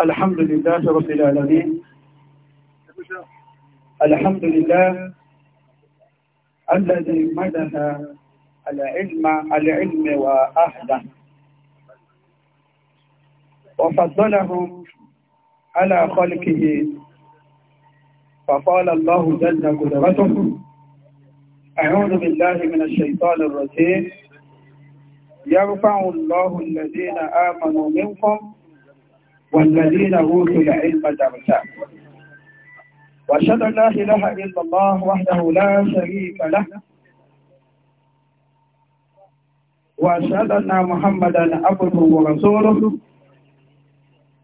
الحمد لله رب العالمين الحمد لله الذي مدح العلم العلم وأهله وفضلهم على خلقه فقال الله جل قدرته أعوذ بالله من الشيطان الرجيم يرفع الله الذين آمنوا منكم والذين أوتوا العلم درجات وأشهد أن لا إله إلا الله وحده لا شريك له وأشهد أن محمدا عبده ورسوله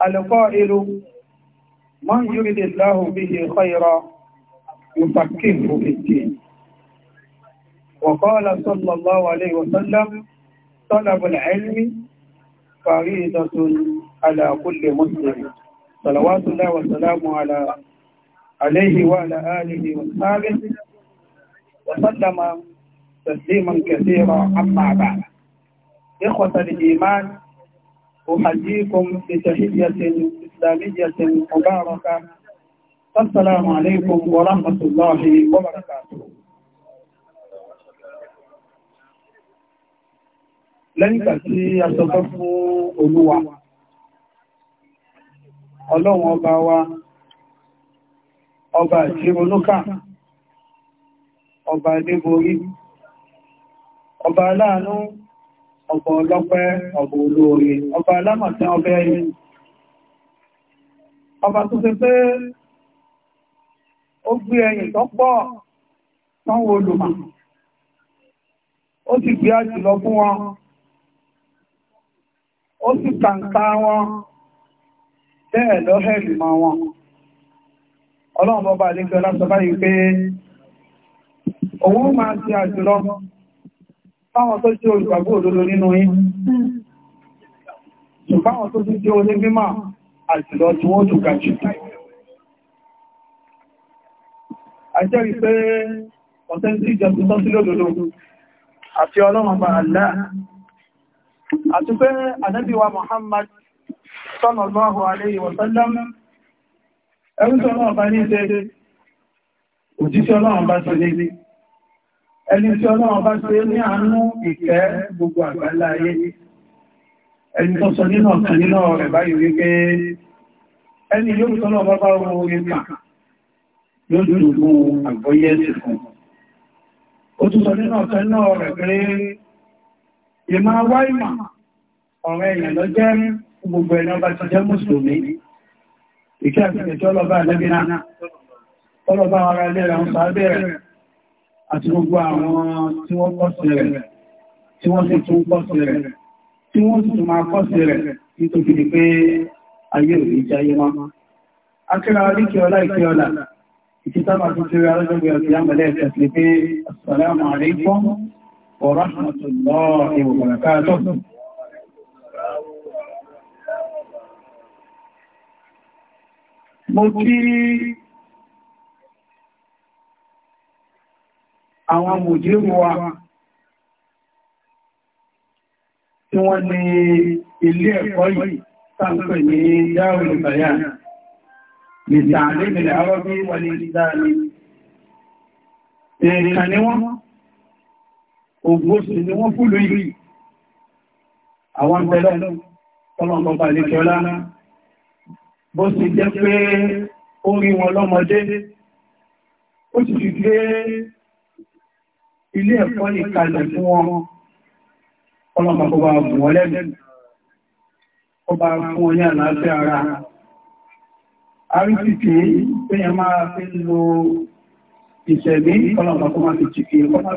القائل من يريد الله به خيرا يفكره في الدين وقال صلى الله عليه وسلم طلب العلم فريضة على كل مسلم صلوات الله وسلامه على عليه وعلى آله وصحبه وسلم تسليما كثيرا أما بعد إخوة الإيمان أحييكم بتحية إسلامية مباركة السلام عليكم ورحمة الله وبركاته lẹ́yìnkà tí a sọ́tọ́ fún olúwa ọlọ́run ọba wa ọba ìṣẹ́mọlókà ọba adéborí ọba aláàánú ọba ọlọ́pẹ́ ọba olóore ọba alámọ̀tán ọbẹ̀ ẹ̀yìn ọba tó fẹ́ pé ó gbé ẹ̀yìn tó pọ̀ tán olùmọ̀ ó sì gbé àjùlọ fún wọn ó sì kàǹkà wọn bẹ́ẹ̀ wọn ọlọ́run bọ́bá àdíkẹ́ ọlásọ báyìí pé òun máa ti àjùlọ fáwọn tó jẹ́ olùgbàgbọ́ òdodo nínú yín ṣùgbáwọn tó jẹ́ mímọ̀ tí wọ́n tó àti pé ànábì wa Muhammad sallallahu alayhi wa sallam ẹrù tí ọlọ́run bá ní ṣe òjíṣẹ́ ọlọ́run bá ṣe lé ẹni tí ọlọ́run bá ṣe ní àánú ìkẹ́ gbogbo àgbàlá ayé ẹni tó sọ nínú ọ̀kan nínú rẹ̀ báyìí wípé ẹni yóò tọ́lọ̀ bá bá wọn orí kà yóò dùn fún àgbọ́yé ẹ̀sìn fún ó tún sọ nínú ọ̀kan náà rẹ̀ pé ìmọ̀ wá ìmọ̀ ọ̀rọ̀ èèyàn lọ jẹ́ gbogbo ẹ̀nà ọba ti jẹ́ mùsùlùmí ìkẹ́ àfihàn tí ọlọ́bà lẹ́bìnà ọlọ́bà ara ilé rẹ̀ ń sàábẹ̀rẹ̀ àti gbogbo àwọn tí wọ́n kọ́sì rẹ̀ tí wọ́n sì tún kọ́sì rẹ̀ tí wọ́n sì tún máa kọ́sì rẹ̀ nítorí pé ayé òní jẹ́ ayé mọ́ akẹ́ra oríkẹ́ ọlá ìkẹ́ ọlá ìtítàbà tuntun rẹ̀ alọ́jọ́gbẹ̀ ọ̀sẹ̀ àmàlẹ́ ẹ̀fẹ́ pé assalamu alaikum ورحمة الله وبركاته mo kí àwọn mòjírí wa tí wọ́n ní ilé ẹ̀kọ́ yìí sáàpẹ̀ ní dáwọn ìbàyà lè tààrí ìrìn àwọn bí wọ́n ní ìdáàrí ẹ̀ẹ̀kan ni wọ́n ogun oṣù ni wọ́n fúlù ìlú àwọn bẹ̀rẹ̀ ọlọ́pàá ìlẹ́kẹ́ọ́lá bó sì jẹ́ pé ó rí wọn lọ́mọdé ó sì fi gbé ilé ẹ̀kọ́ ìkàlẹ̀ fún wọn ọlọ́pàá kó bá gùn wọ́n lẹ́nu ó bá fún wọn ní àlàáfíà ara àríkìkì pé ẹ máa fi lo ìṣẹ̀mí ọlọ́pàá kó má fi jìkì ọlọ́pàá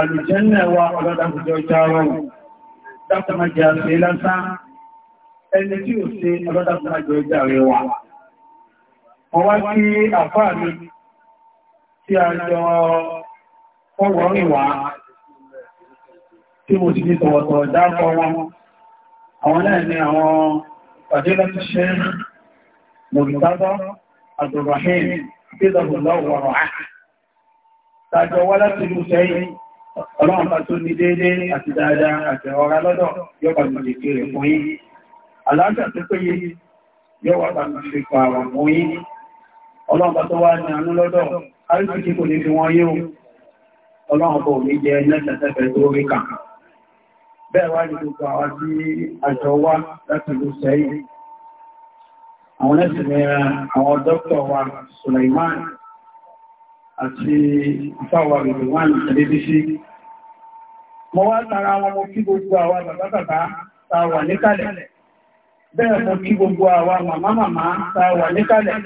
àlùjẹ́nà wa ọlọ́dàkùjọ járọ̀ dákùnmájá sí lásán ẹni tí ó sí ọlọ́dàkùnmájọ járẹ̀ wa wọ́n wá kí àfáà mi tí a jọ fọ́wọ́rin wá tí mo ti ní ni àwọn pàdé láti ṣe mọ̀lùtátọ́ àtọ̀rọ̀hìn tí ìdàbùlọ́ wọ̀rọ̀ á tàjọ wá láti lú sẹ́yìn ọlọ́run bá tó ní déédé àti dáadáa àti ọ̀rá lọ́dọ̀ yọba gbogbo rẹ̀ fún yí aláàjà tó péye yọwà bá ti fi pa àwọn fún yí ọlọ́run bá tó wá ní àánú lọ́dọ̀ àríṣìkí kò ní fi wọ́n yíò ọlọ́run bó Suleiman àti ìfàwà rẹ̀ wọ́n àtàlébí sí. Mọ́ wá tara wọn mọ́ kí gbogbo àwa bàbá ta wà níkàlẹ̀. Bẹ́ẹ̀ mọ́ kí gbogbo àwa màmá màmá ta wà níkàlẹ̀.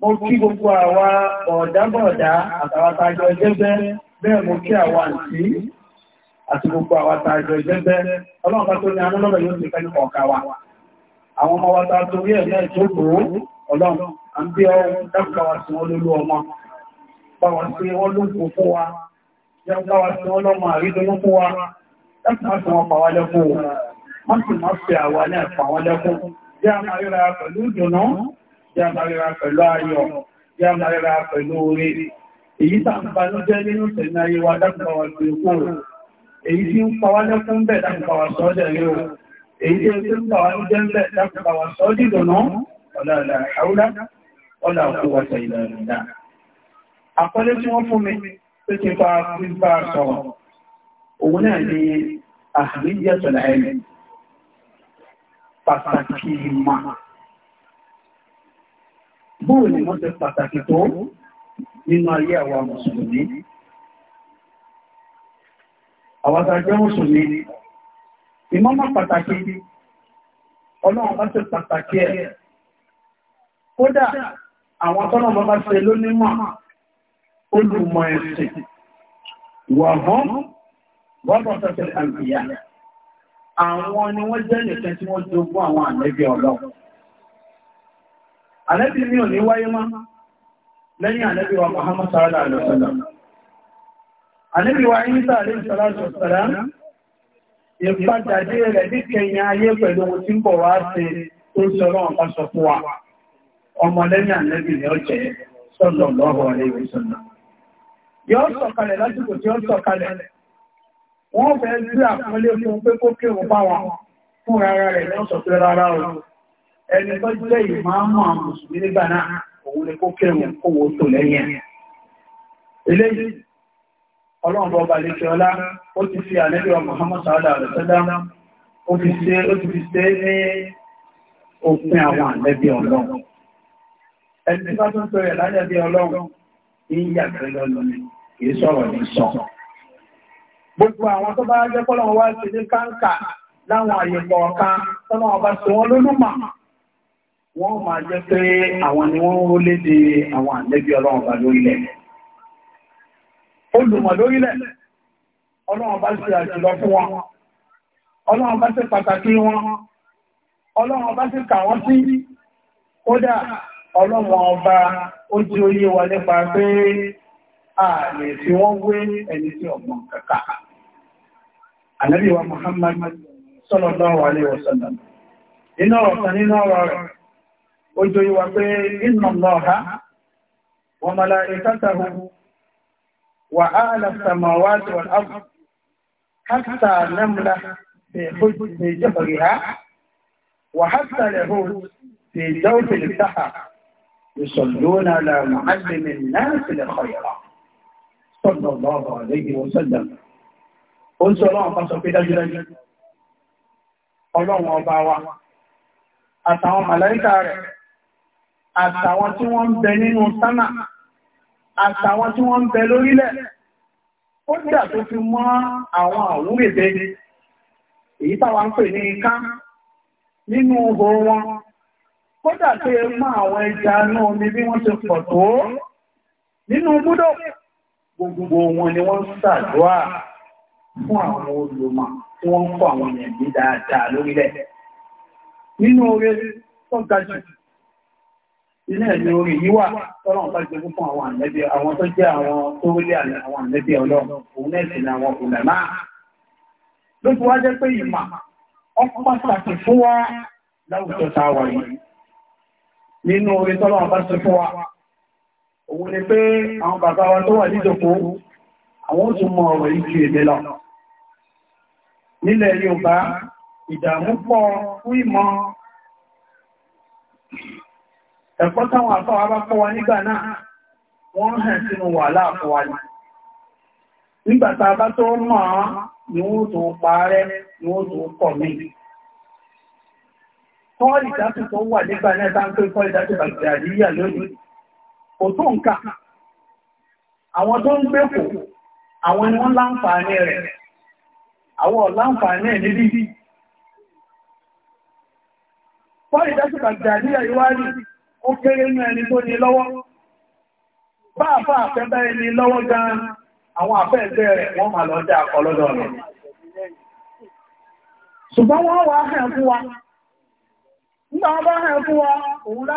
Mọ́ kí gbogbo àwa bọ̀ọ̀dábọ̀ọ̀dá àtàwàtàjọ jẹ́bẹ́ bẹ́ẹ̀ mọ́ kí àwa àǹtí àti gbogbo àwa tàjọ jẹ́bẹ́ ọlọ́pàá tó ní anúlọ́rọ̀ yóò ti bá wọn pé wọ́n ló ń kó fún wa jẹ́ bá wa tí wọ́n lọ́mọ àrídọ́nú fún wa láti má fi wọn pa wá lẹ́kún o má sì má fi àwa ní ẹ̀fà wọn lẹ́kún jẹ́ àmàríra pẹ̀lú ìdùnnú jẹ́ àmàríra pẹ̀lú ayọ̀ jẹ́ àmàríra pẹ̀lú oore èyí tá ń banújẹ́ nínú tẹ̀lé ayé wa dákùnbà wa sí ikú èyí tí ń pa wá lẹ́kún bẹ̀ dákùnbà wa rí o èyí tí ń pa wá lẹ́kún bẹ̀ dákùnbà wa sọ́dẹ̀ dùnnú ọ̀là àlà àwúlá ọ̀là ìlànà àkọlé tí wọ́n fún mi tó ti fa pípa sọ̀rọ̀ òun náà ni àríyàtọ̀lá ẹ̀mí pàtàkì ìmọ̀ bóò ni wọ́n ti pàtàkì tó nínú ayé àwọn mùsùlùmí àwọn àjẹ́ mùsùlùmí ìmọ̀mọ̀ pàtàkì ọlọ́run bá ti pàtàkì ẹ̀ kódà àwọn tọ́nà bá bá ṣe lónímọ̀ olùmọ̀ ẹ̀sìn wà hàn wọ́pọ̀ tẹ́tẹ́ àgbìyà àwọn ni wọ́n jẹ́ nìkan tí wọ́n jogún àwọn ànẹ́bí ọlọ́run ànẹ́bí mi ò ma wa Muhammad sallallahu alaihi wasallam wa Isa salatu wassalam wa ni sallallahu alaihi wasallam yóò sọ̀kalẹ̀ lásìkò tí ó sọ̀kalẹ̀. Wọ́n fẹ́ rí àpọ́lé fún pé kó kí òun bá wọn fún rárá rẹ̀ lọ́ sọ pé rárá o. Ẹni tó jẹ́ ìmáàmù àwọn Mùsùlùmí nígbà náà, òun ni kó kí o kó wo tò lẹ́yìn. Eléyìí, ọlọ́run bọ́ balẹ̀ kí ọlá, ó ti fi àlẹ́bí ọmọ Muhammad Sa'adà Àlùsọ́dá, ó ti fi ṣe ní òpin àwọn àlẹ́bí ọlọ́run. Ẹni tí bá tó ń sọ rẹ̀ lálẹ́bí ọlọ́run, ní ìyàtọ̀ lọ́lọ́run kìí sọ̀rọ̀ ní sọ. Gbogbo àwọn tó bá jẹ́ pọ́lọ̀ wá sí ní káńkà láwọn àyè kọ̀ọ̀kan tọ́lọ́ ọba sí wọn lólúmọ̀. Wọ́n máa jẹ́ pé àwọn ni wọ́n ń ró léde àwọn àlẹ́bí ọlọ́run ọba lórílẹ̀. Olùmọ̀ lórílẹ̀, ọlọ́run ọba ṣe àjùlọ fún wọn. Ọlọ́run ọba ṣe pàtàkì wọn. Ọlọ́run ọba ṣe kà wọ́n sí. Kódà ọlọ́run ọba ó di oyé wa nípa pé ààrẹ tí wọ́n wé ẹni tí ọ̀gbọ̀n kàkà. Ànábì wa Muhammad sallallahu alaihi wasallam. Iná ọ̀sán nínú ọ̀rọ̀ rẹ̀, ó jọ yíwa pé inna Allaha wa malaikatahu wa ahla samawati wal ardi hatta namla fi jabariha wa hatta lahut fi jawfi al-sahar yusalluna ala muallimin nas al-khayra. sọ́dọ̀ lọ́rọ̀ àlejò sọ́dọ̀. Ó ń sọ ọlọ́run kan sọ pé dájúdájú. Ọlọ́run ọba wa, àtàwọn màláíkà rẹ̀, àtàwọn tí wọ́n ń bẹ nínú sánà, àtàwọn tí wọ́n ń bẹ lórílẹ̀, ó dà tó fi mọ́ àwọn àwúrẹ̀dẹ́ èyí táwa ń pè ní ká nínú ohò wọn kódà tó yẹ mọ́ àwọn ẹja náà omi bí wọ́n ti pọ̀ tó nínú búdọ̀ gbogbo wọn ni wọ́n ń ṣàdúrà fún àwọn olùmọ̀ tí wọ́n ń kọ́ àwọn èèyàn ní dáadáa lórílẹ̀. nínú oore tó ga jù ilé ẹ̀mí orí yìí wà tọ́lọ́run bá jogún fún àwọn ànẹ́bí àwọn tó jẹ́ àwọn tó rí àwọn ànẹ́bí ọlọ́run òun náà sì ni àwọn òlàmá ló ti wá jẹ́ pé ìmọ̀ ọkọ̀ pàtàkì fún wa láwùjọ tá a wà yìí nínú oore tọ́lọ́run bá ṣe fún wa òun ni pé àwọn bàbá wa tó wà níjòkó àwọn òtún mọ ọ̀rọ̀ yìí ju èdè lọ nílẹ̀ Yorùbá ìdààmú pọ̀ fún ìmọ̀ ẹ̀kọ́ táwọn àfáwà bá kọ́ wa nígbà náà wọ́n hàn sínú wàhálà fún wa ní nígbàtà bá tó mọ̀ ọ́ ni wọ́n tó parẹ́ ni wọ́n tó pọ̀ mí kọ́ ìdásù tó wà nígbà náà tá ń pè kọ́ ìdásù bàtìyà lónìí kò nka, awọn àwọn tó ń gbé àwọn ni wọ́n láǹfààní rẹ̀ àwọn ọ̀láǹfààní ẹ̀ níbi fọ́lì dásùkà jàdíyà ìwárí ó kéré ní ẹni tó ní lọ́wọ́ bá àfá ẹni lọ́wọ́ gan àwọn àfẹ́ rẹ̀ wọ́n máa àkọlọ́dọ̀ rẹ̀ wa nígbà wọ́n bá wa òun lé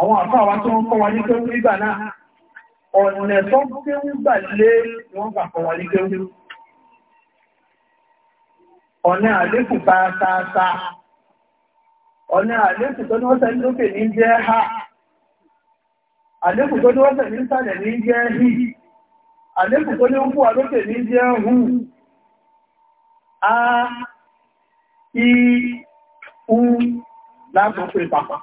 àwọn àfá àwọn tó ń kọ́ wa ní kéwú nígbà náà ọ̀nà tó ń kéwú gbà lé wọ́n gbà kọ́ wa ní kéwú ọ̀nà àlékù tààtààtà ọ̀nà àlékù tó ní wọ́n tẹ́ lókè ní jẹ́ ha àlékù tó ní wọ́n tẹ́ ní sàlẹ̀ ní jẹ́ hì àlékù tó ní wọ́n lókè ní jẹ́ hù a i u láàpọ̀ pé pàpàá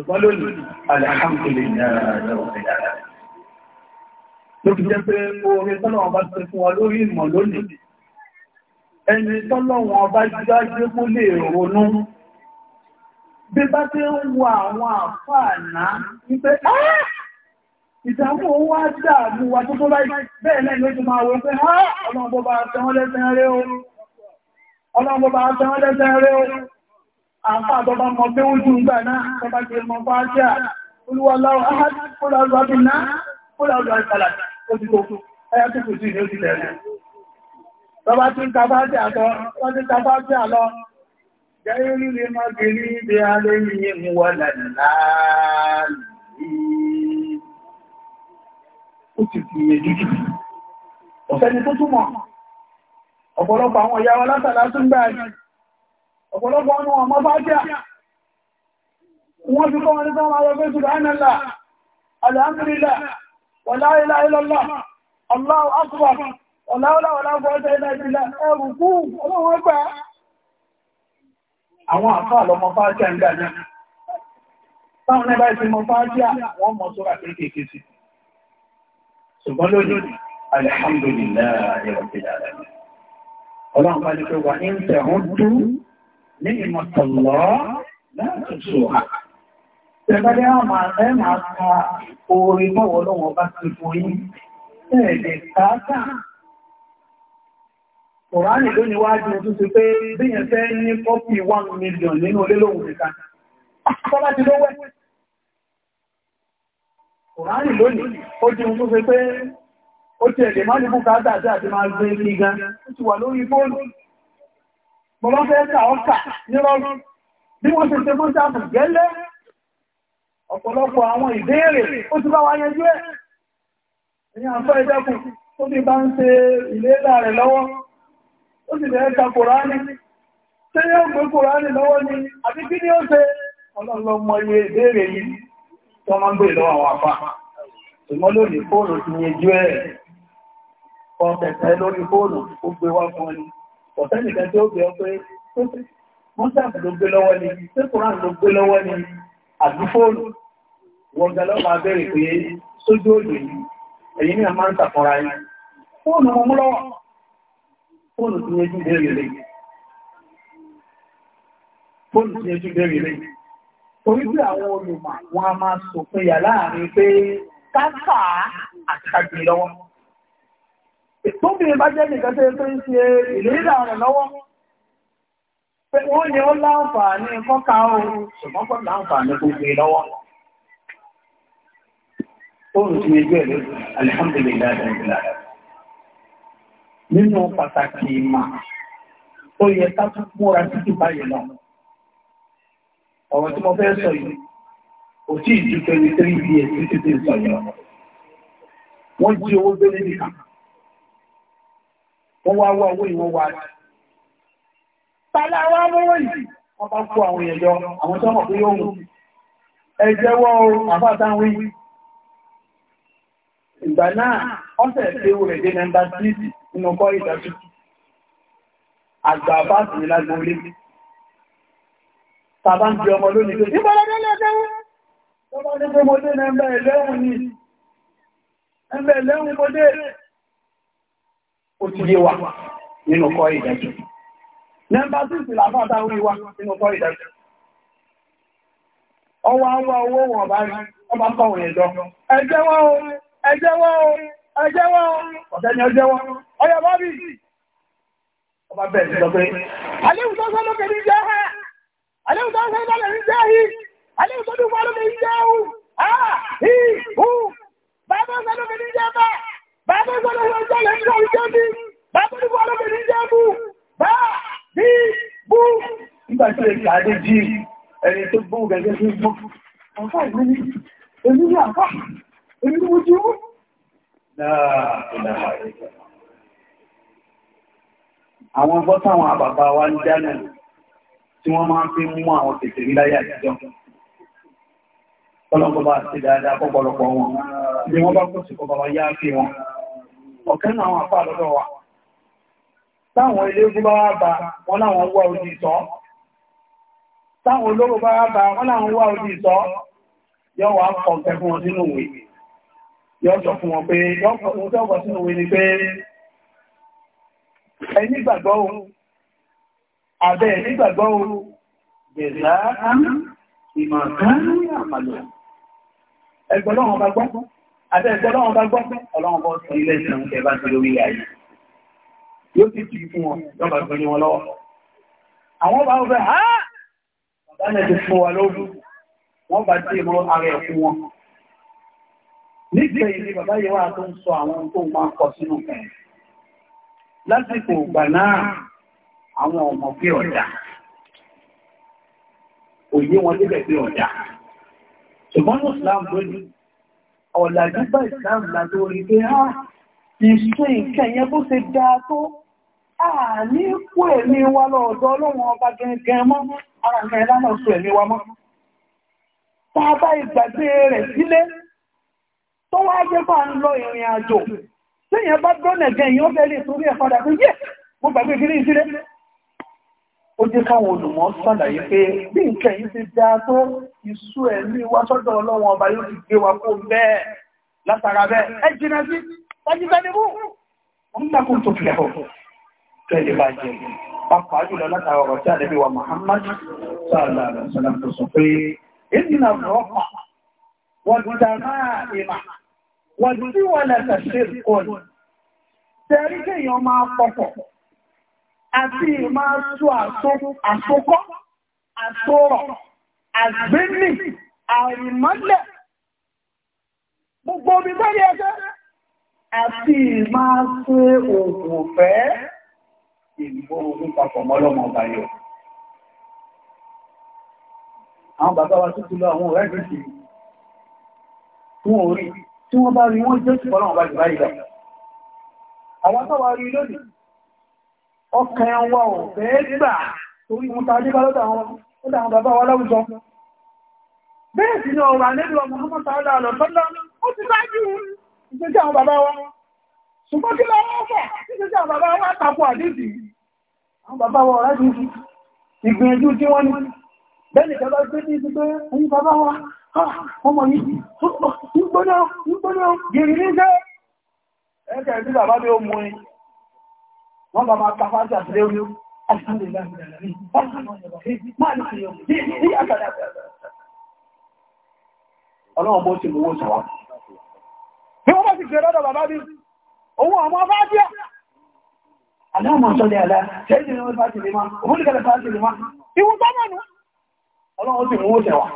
ṣùgbọ́n lónìí alhamdulillah ló fi jẹ́ pé oore tọ́lọ́wọ́n bá ti fún wa lórí ìmọ̀ lónìí ẹni tọ́lọ́wọ́n bá jáde kó lè ronú bí bá ti ń wo àwọn àfáàná wípé ìdààmú owó á dààmú wa tó tó báyìí bẹ́ẹ̀ lẹ́yìn ló máa wọ pé ọlọ́run bó bá tẹ́wọ́n lẹ́sẹ̀ àpá àtọ́bá mọ̀ pé ó jù ń gbà náà tọ́bá ti mọ̀ bá jẹ́ olúwọ́láwọ́ ahad kóláwọ́ abinna kóláwọ́ àìsàlà ojúkó ẹyà tó kò jù ní ojú lẹ́rẹ̀ tọ́bá ti ń tàbá jẹ́ àtọ́ wọ́n ti tàbá jẹ́ àlọ́ jẹ́ rí lè má gẹ̀rí ibi alẹ́ yìí mú ọ̀pọ̀lọpọ̀ àwọn ìyá látàlá tún gbáyìí ọ̀pọ̀lọpọ̀ ọmọ ọmọ bá jà wọ́n ti kọ́ wọn ní sọ́wọ́ àwọn ọgbẹ́ ṣùgbọ́nàlá alhamdulillah wala ilaha illallah Allahu akbar ọ̀láwọ́láwọ́lá fọ́ọ́sẹ̀ ilẹ̀ ìpìlẹ̀ ẹrùkú ọlọ́wọ́ gbà àwọn àfáà lọmọ fáájá ń gbà náà táwọn ẹgbà ìsinmọ fáájá wọ́n mọ̀ sọ́rà kéèkéèké sí ṣùgbọ́n lónìí alhamdulillah ẹ̀rọ̀ ní ìmọ̀tọ̀lọ́ láti ṣòhà. Tẹ́gbẹ́lẹ́ ọmọ àrẹ́ máa ma orí mọ́wọ́ lọ́wọ́ bá ti ẹ̀ẹ̀dẹ̀ ló níwájú ti pé million nínú ti pé ó ti ẹ̀dẹ̀ ní àti máa Bọ̀bá fẹ́ ká ọkà nírọ̀rùn. Bí wọ́n ṣe ṣe mọ́ sáàmù gẹ́lẹ́, ọ̀pọ̀lọpọ̀ àwọn ìbéèrè ó ti bá wa yanjú ẹ̀. Ní àfẹ́ ìdẹ́kùn tó bí bá ń ṣe ìlélà rẹ̀ lọ́wọ́, ó sì bẹ̀ẹ́ ka Kòránì. Ṣé yóò gbé Kòránì lọ́wọ́ ni? Àbí kí ni ó ṣe? Ọlọ́lọ́mọ iye ìbéèrè yìí tó máa ń gbé lọ́wọ́ àwọn àfà. Ṣùgbọ́n lónìí fóònù ti yanjú ọ̀sẹ́nìkan tí ó gbé ọ pé mọ́sáàbù ló gbé lọ́wọ́ ni sẹ́kùnrán ló gbé lọ́wọ́ ni àdúfóònù wọ́n ga lọ́pàá bẹ̀rẹ̀ pé sójú òjò yìí ẹ̀yìn ní àmá ń tàkọra yìí fóònù ọmọ lọ́wọ́ fóònù tí yẹjú bẹ̀rẹ̀ lè fóònù tí yẹjú bẹ̀rẹ̀ lè torí bí àwọn olùmọ̀ wọn a máa sọ pé yà láàrin pé káàkà àtàgbè lọ́wọ́ tóbìnrin bá jẹ́ nìkan tẹ́ tó ń ṣe ìlérà rẹ̀ lọ́wọ́ wọ́n ni ó láǹfààní kọ́ka ohun ṣùgbọ́n pọ̀ láǹfààní gbogbo lọ́wọ́ ọ̀rọ̀ tí mo fẹ́ sọ yìí kò tí ì ju years títí sọ yìí wọ́n jí owó gbé níbi kan wọ́n wá wá owó ìwọ́n wá rí. Tàlá wá mọ́wọ́ yìí, wọ́n bá kó àwọn èèyàn yọ, àwọn tó mọ̀ pé yóò mú. Ẹ jẹ́wọ́ àbátáwí. Ìgbà náà, ọ́sẹ̀ tí ó rẹ̀ dé nẹ́mbà síìtì nínú kọ́ ìdájú. Àgbà bá sì ní lágbóolé. Tàbá ń di ọmọ lónìí pé, ìbọ̀lọ́dé lẹ́gbẹ̀ẹ́ Tọ́bá ní pé mo dé nẹ́mbà ẹ̀lẹ́hùn ni. Ẹ̀mbẹ̀ ẹ̀lẹ́hùn mo dé. ó ti wa nínú kọ́ ìdájọ́. nọ́mbà 6 làbáta orí wa nínú kọ́ ìdájọ́. ọwọ́ awọ́ owó wọn bá rí ọba kọ̀wọ̀n ẹ̀jọ́ ẹjẹ́wọ́ ẹjẹ́wọ́ ẹjẹ́wọ́ ọ̀tẹ́ ni ọjẹ́wọ́ bàbá ìgbọ́dọ̀ ló jẹ́lẹ̀ ní ọ̀rọ̀ jẹ́bí bàbá ìgbọ́dọ̀ ló ní jẹ́bú bá bí bú nígbà tí ó kà dé jí ẹni tó gbọ́n gẹ̀gẹ́ sí gbọ́n ọ̀fà ìgbẹ́ni èmi ní àfà èmi ní ojú ó àwọn ọgbọ́ táwọn àbàbà wa ń jánà tí wọ́n máa ń fi mú àwọn tètè rí láyé àtijọ́ ọlọ́gbọ́bà sí dáadáa pọ́pọ̀lọpọ̀ wọn ni wọ́n bá kó sí pọ́pọ̀ yá fi wọn ọ̀kẹ́ náà wà fà lọ́dọ̀ wa táwọn ilégún bá wá bá wọn láwọn wá odi ìtọ́ táwọn olóró bá wá bá wọn láwọn wá odi ìtọ́ yóò wá kọ̀ ọ̀kẹ́ fún wọn sínú ìwé yóò sọ fún wọn pé yóò kọ̀ bá gbọ́ Àtẹ́gbẹ́ ọlọ́run bá gbọ́ pé ọlọ́run bọ́ sí ilé ìsìn oúnjẹ bá ti lórí ayé. Yóò sì ti fún wọn, yọba gbé ní wọn lọ́wọ́. Àwọn bá wọ́n fẹ́, ha! Bàbá náà ti fún wa lójú. Wọ́n bá tí ìmọ̀ ara ẹ̀ fún wọn. Nígbẹ̀yìn ni bàbá yẹn wà tó ń sọ àwọn tó máa kọ sínú ẹ̀. Lásìkò ìgbà náà, àwọn ọmọ pé ọ̀dà. Òye wọn débẹ̀ pé ọ̀dà. Ṣùgbọ́n ọ̀làjú bá ìsìláàmù láti orí pé á ah, ìṣe ìkẹ́ yẹn bó ṣe dáa tó àní kó ẹ̀mí wa lọ́ọ̀dọ́ ọlọ́run ọba gẹngẹn mọ́ ara mẹ́rin lánàá sọ ẹ̀mí wa mọ́ tá a bá ìgbàgbé rẹ̀ sílé tó wá jẹ́ bá ń lọ ìrìn àjò téèyàn bá gbọ́nà gẹ̀yìn ó fẹ́ lè torí ẹ̀ padà pé yé mo gbàgbé kiri ìsílé ó jẹ́ káwọn olùmọ̀ sàlàyé pé bí nǹkan yìí ti dáa tó ìṣú ẹ̀mí wá sọ́dọ̀ ọlọ́wọ́n ọba yóò ti gbé wa kó bẹ́ẹ̀ látara bẹ́ẹ̀ ẹ jìnà sí tajútẹ́nibú ń takùn tó fi ẹ̀họ̀ tẹ́lẹ̀ bá jẹ́ pàápàá jùlọ látara ọ̀rọ̀ tí àdẹ́bí wa Muhammad sallallahu alaihi wasallam tó sọ pé èyí náà rọ́pà wọ́n ti dá máa ìmà wọ́n ti wọ́n lẹ́sẹ̀ ṣe kọ́ni tẹ̀rí kéèyàn máa pọ̀pọ̀ àti ìmá tó àsokọ́, àsorọ̀, àgbénì, àrìmọ́lẹ̀, gbogbo omi tẹ́lẹ̀ ẹgbẹ́, àti ìmá tó òkùn ọ̀fẹ́, ìgbò ogun papọ̀ mọ́lọ́mọ báyọ̀. Àwọn bàbá wa tó tún lọ àwọn ọ̀rẹ́ Àwọn tó wà rí lónìí ọkàn wa ò fẹ́ gbà torí mú ta ní bálọ́dà wọn lọ́dà àwọn bàbá wa láwùjọ bẹ́ẹ̀ sí ní ọ̀rọ̀ àlébí ọmọ ọmọ sàádà lọ tọ́lá ó ti sáájú ìgbésí àwọn bàbá wa ṣùgbọ́n kí lọ́wọ́ fà ìgbésí àwọn bàbá wa tapọ̀ àdéjì àwọn bàbá wa ọ̀rá jùlọ ìgbìyànjú tí wọ́n ní bẹ́ẹ̀ni ìjọba gbé ní ibi pé ẹni bàbá wa ọmọ yìí ń gbóná gèrè ní iṣẹ́ ẹ̀kẹ́ ìdí bàbá ni ó mú ni wọ́n bá máa kàfà jà sílé orí ọlọ́run bó ti mú owó sọ̀wọ́ bí wọ́n bá ti gbẹ̀rẹ̀ lọ́dọ̀ bàbá bí owó ọmọ bá díẹ̀ aláàmọ̀ sọ́lẹ̀ aláà tẹ́jì ní wọ́n bá ti lè máa òmúlùkẹ́lẹ̀ bá ti lè máa ìwọ̀n tọ́mọ̀nù ọlọ́run ti mú owó sẹ̀wà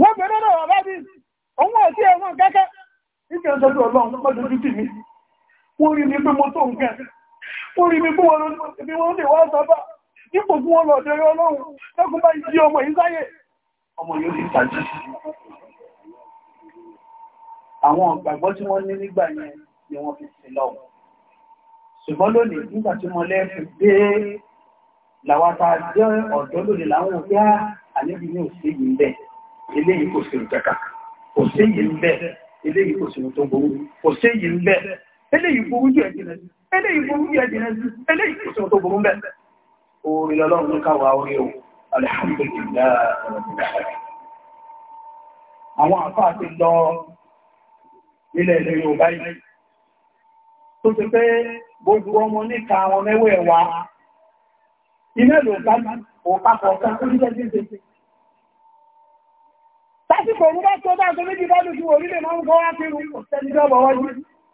wọ́n gbẹ̀rẹ̀ lọ́dọ̀ bàbá bí owó ọ̀sí ẹ̀wọ̀n kẹ́kẹ́ wọ́n àwọn ìgbàgbọ́ tí wọ́n ní nígbà yẹn ni wọ́n fi sí lọ́wọ́ ṣùgbọ́n lónìí nígbà tí wọ́n lẹ́ẹ̀fì dé làwátà jẹ́ ọ̀dọ́ lónìí láwọn òkè ah, àníbi ní òsè yìí eléyìí kò sí ìjẹ́ka òsè eléyìí kò sí eléyìí burú jù ẹ̀jìnà sí eléyìí burú jù ẹ̀jìnà sí eléyìí kò sí ohun tó o alhamdulillah àwọn àfáà ti lọ nílẹ̀ ilẹ̀ Yorùbá yìí tó ti pé gbogbo ọmọ níka àwọn mẹ́wẹ́ wa iná ló bá òpá kọ̀ọ̀kan tó ní jẹ́ Tásìkò orúkọ tó dáa tó méjì bá lójú orílẹ̀ máa ń kọ́ wá kírun, ọ̀sẹ̀ ní ọ̀bọ̀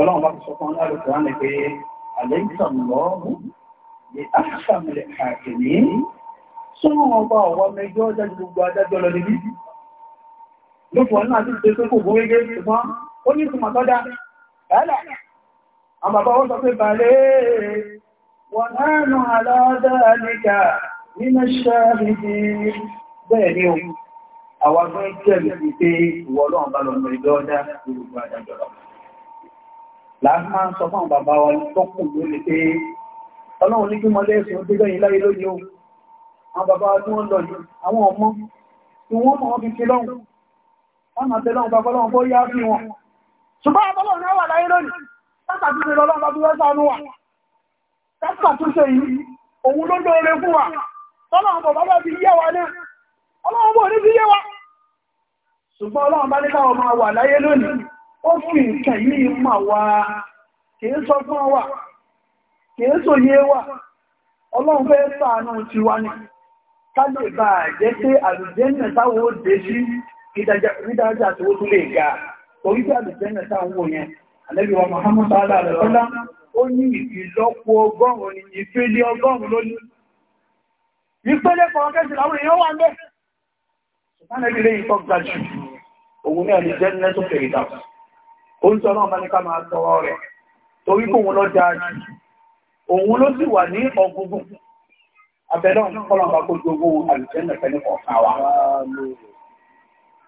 Ọlọ́run bá ti sọ fún ọlọ́run tó rán pé àlẹ́sàn lọ́rùn ni àṣàmìlẹ̀ àkìní sọ́run ọba ọwọ́ mẹjọ dájú gbogbo adájọ́ lọ níbi. Lófò náà ti ṣe pé kò gún régé ṣùgbọ́n ó ní ìtumọ̀ tọ́já. Bẹ́ẹ̀lẹ̀, àwọn bàbá wọn sọ pé bàálẹ̀ wọn ọlọ́run bá lọ mọ ìjọ dá gbogbo adájọ́ lọ láàrín máa ń sọ fún bàbá wa tọ́kù lórí pé ọlọ́run ní kí mọ́ lẹ́sùn gbígbẹ́ yìí láyé lónìí o àwọn bàbá tí wọ́n lọ yìí àwọn ọmọ tí wọ́n mọ̀ wọ́n fi fi lọ́hùn wọ́n máa tẹ lọ́hùn bàbá lọ́hùn bó yá fi wọn ṣùgbọ́n ọlọ́run náà wà láyé lónìí látàtúnṣe lọ́lọ́run bá fi wẹ́ sánú wa látàtúnṣe yìí òun ló lóore fún wa tọ́lọ́run bọ̀ bàbá fi yé wa náà ọlọ́run bò ní fi yé wa ṣùgbọ́n ọlọ́run bá ní káwọn máa wà láyé lónìí ó fi yìí ma wá kìí wà kìí sòye wà ọlọ́run fẹ́ ṣàánú ti wá ní ká lè bá jẹ́ pé àlùjẹ́nà táwọn ó dé sí ìdájá tó tún lè ga torí pé àlùjẹ́nà táwọn òyìn àlẹ́bí wa Muhammad sallallahu ó ní ìlọ́pọ̀ ọgọ́rùn-ún ìfẹ́lẹ́ ọgọ́rùn-ún lónìí ìpele kan láwọn èèyàn wà ń oúnjẹ náà bá ní ká máa tọrọ rẹ̀ torí kóhun lọ dáa jù òun ló sì wà ní ọgbogbo abẹ́lẹ́ ọ̀pọ̀lọ̀ bá kó gbogbo àlùjẹ́nà pẹ̀lú ọ̀kan wa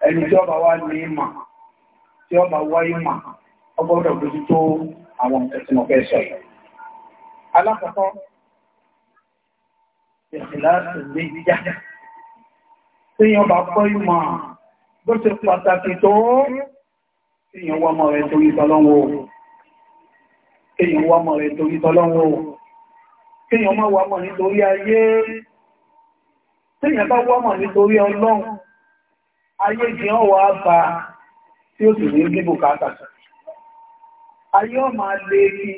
ẹni tí ọba wá ní ìmọ̀ tí ọba wá ìmọ̀ ọgbọ́dọ̀ bójú tó àwọn ẹ̀sìn ọ̀fẹ́ sọ yìí alákọ̀ọ́kọ́ ìsìláàsì lè yíyá tí ọba kọ́ ìmọ̀ bó ti pàtàkì tó èyàn wá mọ́ rẹ̀ torí tọ́lọ́wọ́ èyàn wá mọ́ rẹ̀ torí tọ́lọ́wọ́ èyàn má wá mọ́ nítorí ayé téèyàn bá wá mọ̀ nítorí ọlọ́run ayé jẹ́ ọwọ́ àbá tí ó sì ní ní bùkátà ayé ọmọ alẹ́ kí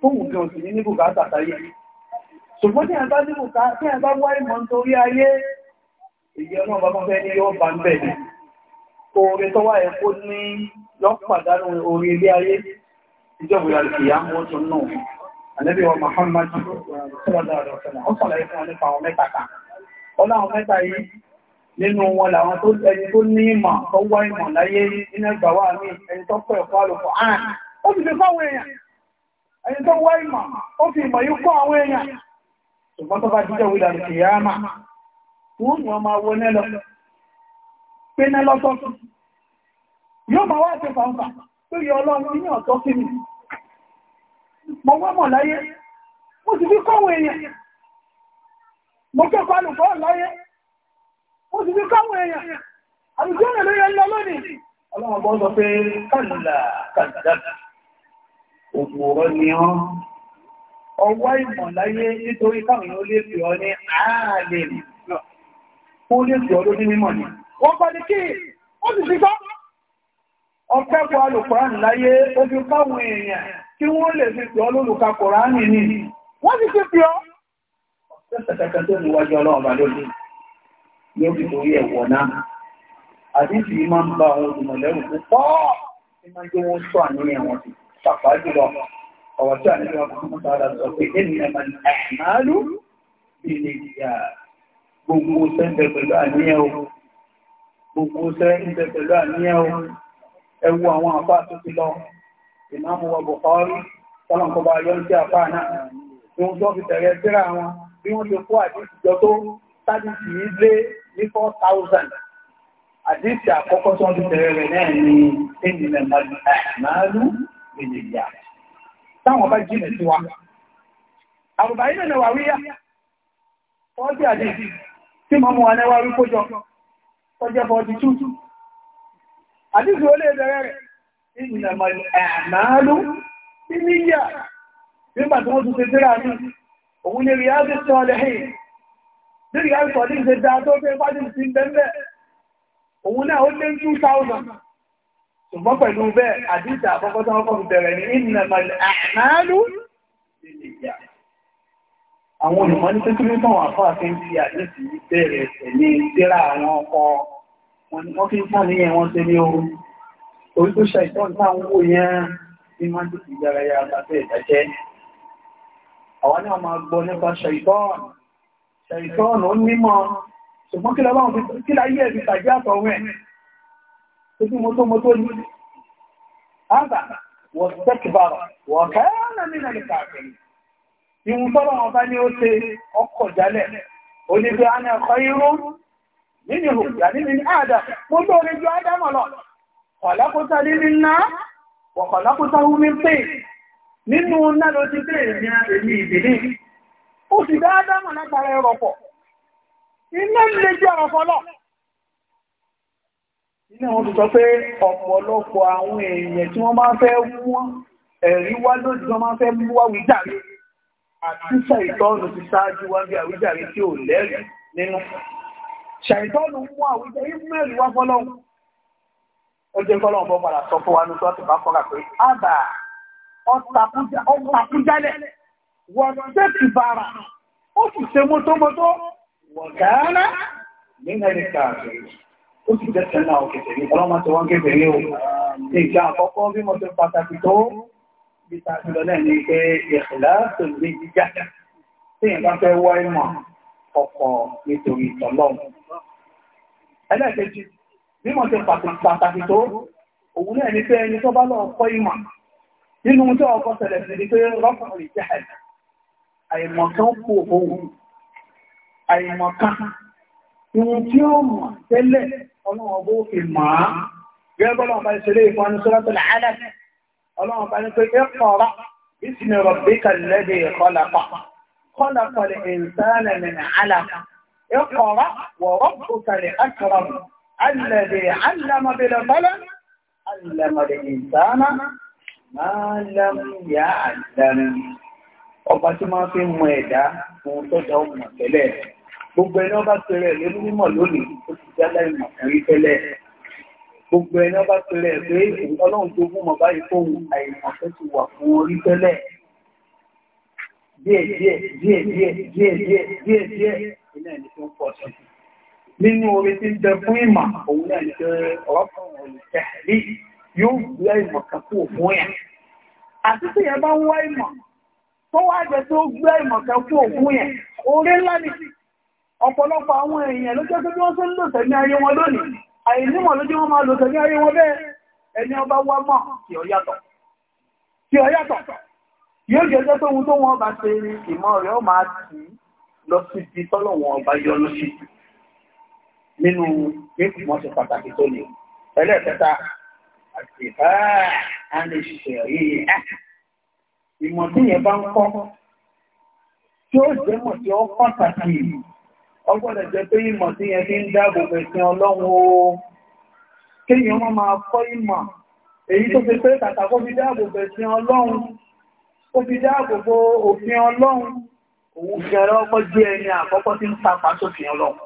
fóòmù kí o sì ní ní bùkátà sáyé ṣùgbọ́n tí a bá ní bùkátà tí a bá wá ìmọ̀ nítorí ayé èyí ọlọ́run bá mọ́ fẹ́ ní yóò bá ń bẹ̀rẹ̀ oore tó wáyé kó ní lọ́pàdánù orí ilé ayé ìjọba ìyá wọn tún náà ànábì wa Muhammad ó sọ̀rọ̀ ìfún nípa àwọn mẹ́ta kan ó láwọn mẹ́ta yìí nínú wọn làwọn tó ẹni tó ní ìmọ̀ tó wá ìmọ̀ láyé nínú ẹgbà wà ní ẹni tó pẹ̀ fún àlùkò àrùn ó fi fi fáwọn èèyàn ẹni tó wá ìmọ̀ ó fi ìmọ̀ yìí kọ́ àwọn èèyàn ṣùgbọ́n tó bá jíjẹ́ wílà ìyá mà wọ́n ni wọ́n máa wọlé lọ pé ná lọ́tọ́tọ́ yóò máa wá ṣe fàǹfà tó yẹ ọlọ́run ní ọ̀tọ́ sí mi mo wá mọ̀ láyé mo sì fi kọ́wọ̀ èèyàn mo kẹ́kọ̀ọ́ alùpọ̀ láyé mo sì fi kọ́wọ̀ èèyàn àlùjọ́ rẹ̀ ló yẹ lọ lónìí ọlọ́run bọ́ sọ pé kàlà kàdà òpòrọ ni ọ́ ọwọ́ ìmọ̀ láyé nítorí káwọn èèyàn lè fi ọ ní ààlè mo lè fi ọ lójú mímọ̀ ni wọ́n bá ní kí ó sì ti gbọ́. ọkẹ́kọ̀ọ́ alùkùránì láyé ó fi káwọn èèyàn kí wọ́n lè fi pè ọ́ lólùka kùránì ni wọ́n ti fi pè ọ́. ọ̀sẹ̀kẹ̀kẹ̀ tó níwájú ọlọ́run bá lóde yóò fi torí ẹ̀wọ̀ náà àdíjì máa ń bá àwọn olùmọ̀lẹ́rù púpọ̀ tí máa ń gbé wọn sọ àníyàn wọn sí pàpà jùlọ ọ̀rọ̀ tí àníyàn wọn fún sára sọ pé ènìyàn máa ń àmàlú bí ilé ìyá gbogbo sẹ́ńtẹ̀ pẹ̀lú àníyàn gbogbo ṣẹ́ ìṣẹ́ pẹ̀lú àníyàn ẹwu àwọn àpá tó ti lọ ìmáàmù wa Bukhari tọ́lọ̀kọba yọ sí àpá náà tí wọ́n tó fi tẹ̀rẹ síra wọn bí wọ́n ti kó àdíṣì jọ tó yìí lé ní àkọ́kọ́ tó fi rẹ̀ náà ènìyàn ènìyàn táwọn bá sí wa wà tí ọjọ́ 42 àdíjú olè bẹ̀rẹ̀ rẹ̀ ìgbìnàmọ̀ àmàálù tí ní yà nígbà tí wọ́n tún ṣe tíra ní òun lè rí áàbí sọ lẹ́yìn tí wọ́n kọ́ bẹ̀rẹ̀ ní àwọn olùmọ̀ ní pẹ́kúrú táwọn àfáà fi ń fi àdéhùn yìí bẹ̀rẹ̀ tẹ̀lé síra àwọn ọkọ̀ wọn ni wọ́n fi ń tàn ní ẹ̀wọ̀n ṣe ní ooru orí tó ṣàìtọ́ náà ń wò yẹn bí máa ń tètè ìdárayá àbábẹ́ ìdájẹ́ àwọn náà máa gbọ́ nípa ṣàìtọ́ọ̀nù ṣàìtọ́ọ̀nù ó nímọ̀ ṣùgbọ́n kí lọ́wọ́ kí láyé ẹ̀bí tàjẹ́ àtọ̀wẹ̀ tó bí ìwọ̀n tọ́lọ̀ wọn bá ní ó ṣe ọkọ̀ jálẹ̀ onígbé àná ẹ̀kọ́ irú nínú ìhùjà nínú àdá mo tó orí ju ádámọ̀ lọ kọ̀lákútà nínú iná wọ̀kọ̀lákútà omi pè nínú iná ló ti pè ní èmi ìbìlì ó sì dá ádámọ̀ látara ẹrọ̀pọ̀ iná lè jẹ́ ọ̀rọ̀pọ̀ lọ Iná wọn ti sọ pé ọ̀pọ̀lọpọ̀ àwọn èèyàn tí wọ́n máa fẹ́ wọ́n ẹ̀rí wá lójú wọn máa fẹ́ mú wá wí jàre. Sísà ìtọ́nù ti ṣáájú wá bí àwíjàre tí ò lẹ́rù nínú. Ṣàìtọ́nù mú àwíjẹ Ismail wá fọ́lọ́hún. Ó jẹ́ kọ́lọ́hún bọ́ padà sọ fún wa ní sọ́ọ̀tì bá kọ́ra pé àbà ọ̀tàkújálẹ̀ wọ́n tẹ́tì bàrà ó sì ṣe mọ́tọ́mọ́tọ́ wọ̀gánà nínú ẹni káàkiri ó sì jẹ́ sẹ́nà òkèèrè ọlọ́mọ tí wọ́n kékeré o. Ìjà àkọ́kọ́ bí mo ti pàtàkì tó bí tàbílọ náà ní pé ìṣẹ̀lá tó lè jíjà tí nǹkan fẹ́ wọ́ ìmọ̀ ọkọ̀ nítorí ìtọ́lọ́mù. ẹlẹ́ẹ̀kejì bí mo ti pàtàkì tó òun náà ní pé ẹni tó bá lọ kọ́ ìmọ̀ nínú tí ọkọ̀ ṣẹlẹ̀ sí ni pé rọ́pùnrin jẹ́ àìmọ̀kan kú òun àìmọ̀kan ìwọ̀n tí ó mọ̀ tẹ́lẹ̀ ọlọ́wọ́ bó fi mọ̀ gẹ́gbọ́lọ́wọ́ bá ìṣẹ̀lẹ̀ ìfọ́nisọ́lọ́tọ̀lẹ̀ alẹ́ ọlọ́run bá ní pé ẹ kọ̀ọ̀rá ìsinmi rọ̀bí kàlẹ́dẹ̀ kọlàpà kọlàpà lè ìsàlẹ̀ mìíràn àlàkà ẹ kọ̀ọ̀rá wọ̀rọ̀ tó kàlẹ̀ akọ̀rọ̀ alẹ́dẹ̀ alẹ́mọ̀bẹ̀lẹ̀ bọ́lá alẹ́mọ̀lẹ̀ ìsànà máa lẹ́m yá àdàm ọba tí máa fi mọ ẹ̀dá fún tọ́jà ọmọ tẹ́lẹ̀ gbogbo ẹni ọba tẹ̀lẹ̀ lórí mímọ̀ lónìí ó ti já láì mọ̀ gbogbo ẹni ọba pẹ̀lẹ́ pé ọlọ́run tó fún ọba yìí fóun àìsàn tó ti wà fún orí tẹ́lẹ̀ díẹ̀ díẹ̀ díẹ̀ díẹ̀ díẹ̀ díẹ̀ díẹ̀ díẹ̀ iná ẹni tó ń pọ̀ sí nínú orí tí ń bẹ fún ìmọ̀ òun náà ní pé ọ̀rọ̀pọ̀ olùtẹ̀lé yóò gbé ìmọ̀ kan kú òfún yẹn àti tí yẹn bá ń wá ìmọ̀ tó wá jẹ tó gbé ìmọ̀ kan kú òfún yẹn orí ńlá ni ọ̀pọ̀lọpọ̀ àwọn èèyàn ló jẹ́ pé bí wọ́n ṣe ń lò tẹ̀lé ayé wọn lónìí àìnímọ̀ ló jẹ́ wọ́n máa lò tẹ̀lé ayé wọn bẹ́ẹ̀ ẹni ọba wá mọ̀ kí ọ yàtọ̀ kí ọ yàtọ̀ yóò jẹ́ jẹ́ tóhun tó wọn bá ṣe ìmọ̀ rẹ̀ ó máa tì í lọ sí ibi tọ́lọ̀ wọn ọba yọ lọ sí nínú ìpìmọ̀ ṣe pàtàkì tó lè ẹlẹ́ẹ̀kẹta àti ìmọ̀ tí yẹn bá ń kọ́ tí ó jẹ́ mọ̀ tí ó pàtàkì ìlú ọgbọ́dọ̀ jẹ́ pé ìmọ̀ tí yẹn fi ń dáàbò bẹ̀sìn ọlọ́run o kéèyàn wọ́n máa kọ́ ìmọ̀ èyí tó fi pé kàkà kó fi dáàbò bẹ̀sìn ọlọ́run ó fi dáàbò bo òfin ọlọ́run òun gẹ̀rẹ́ ọkọ́ jẹ́ ẹni àkọ́kọ́ tí ń tapà sófin ọlọ́run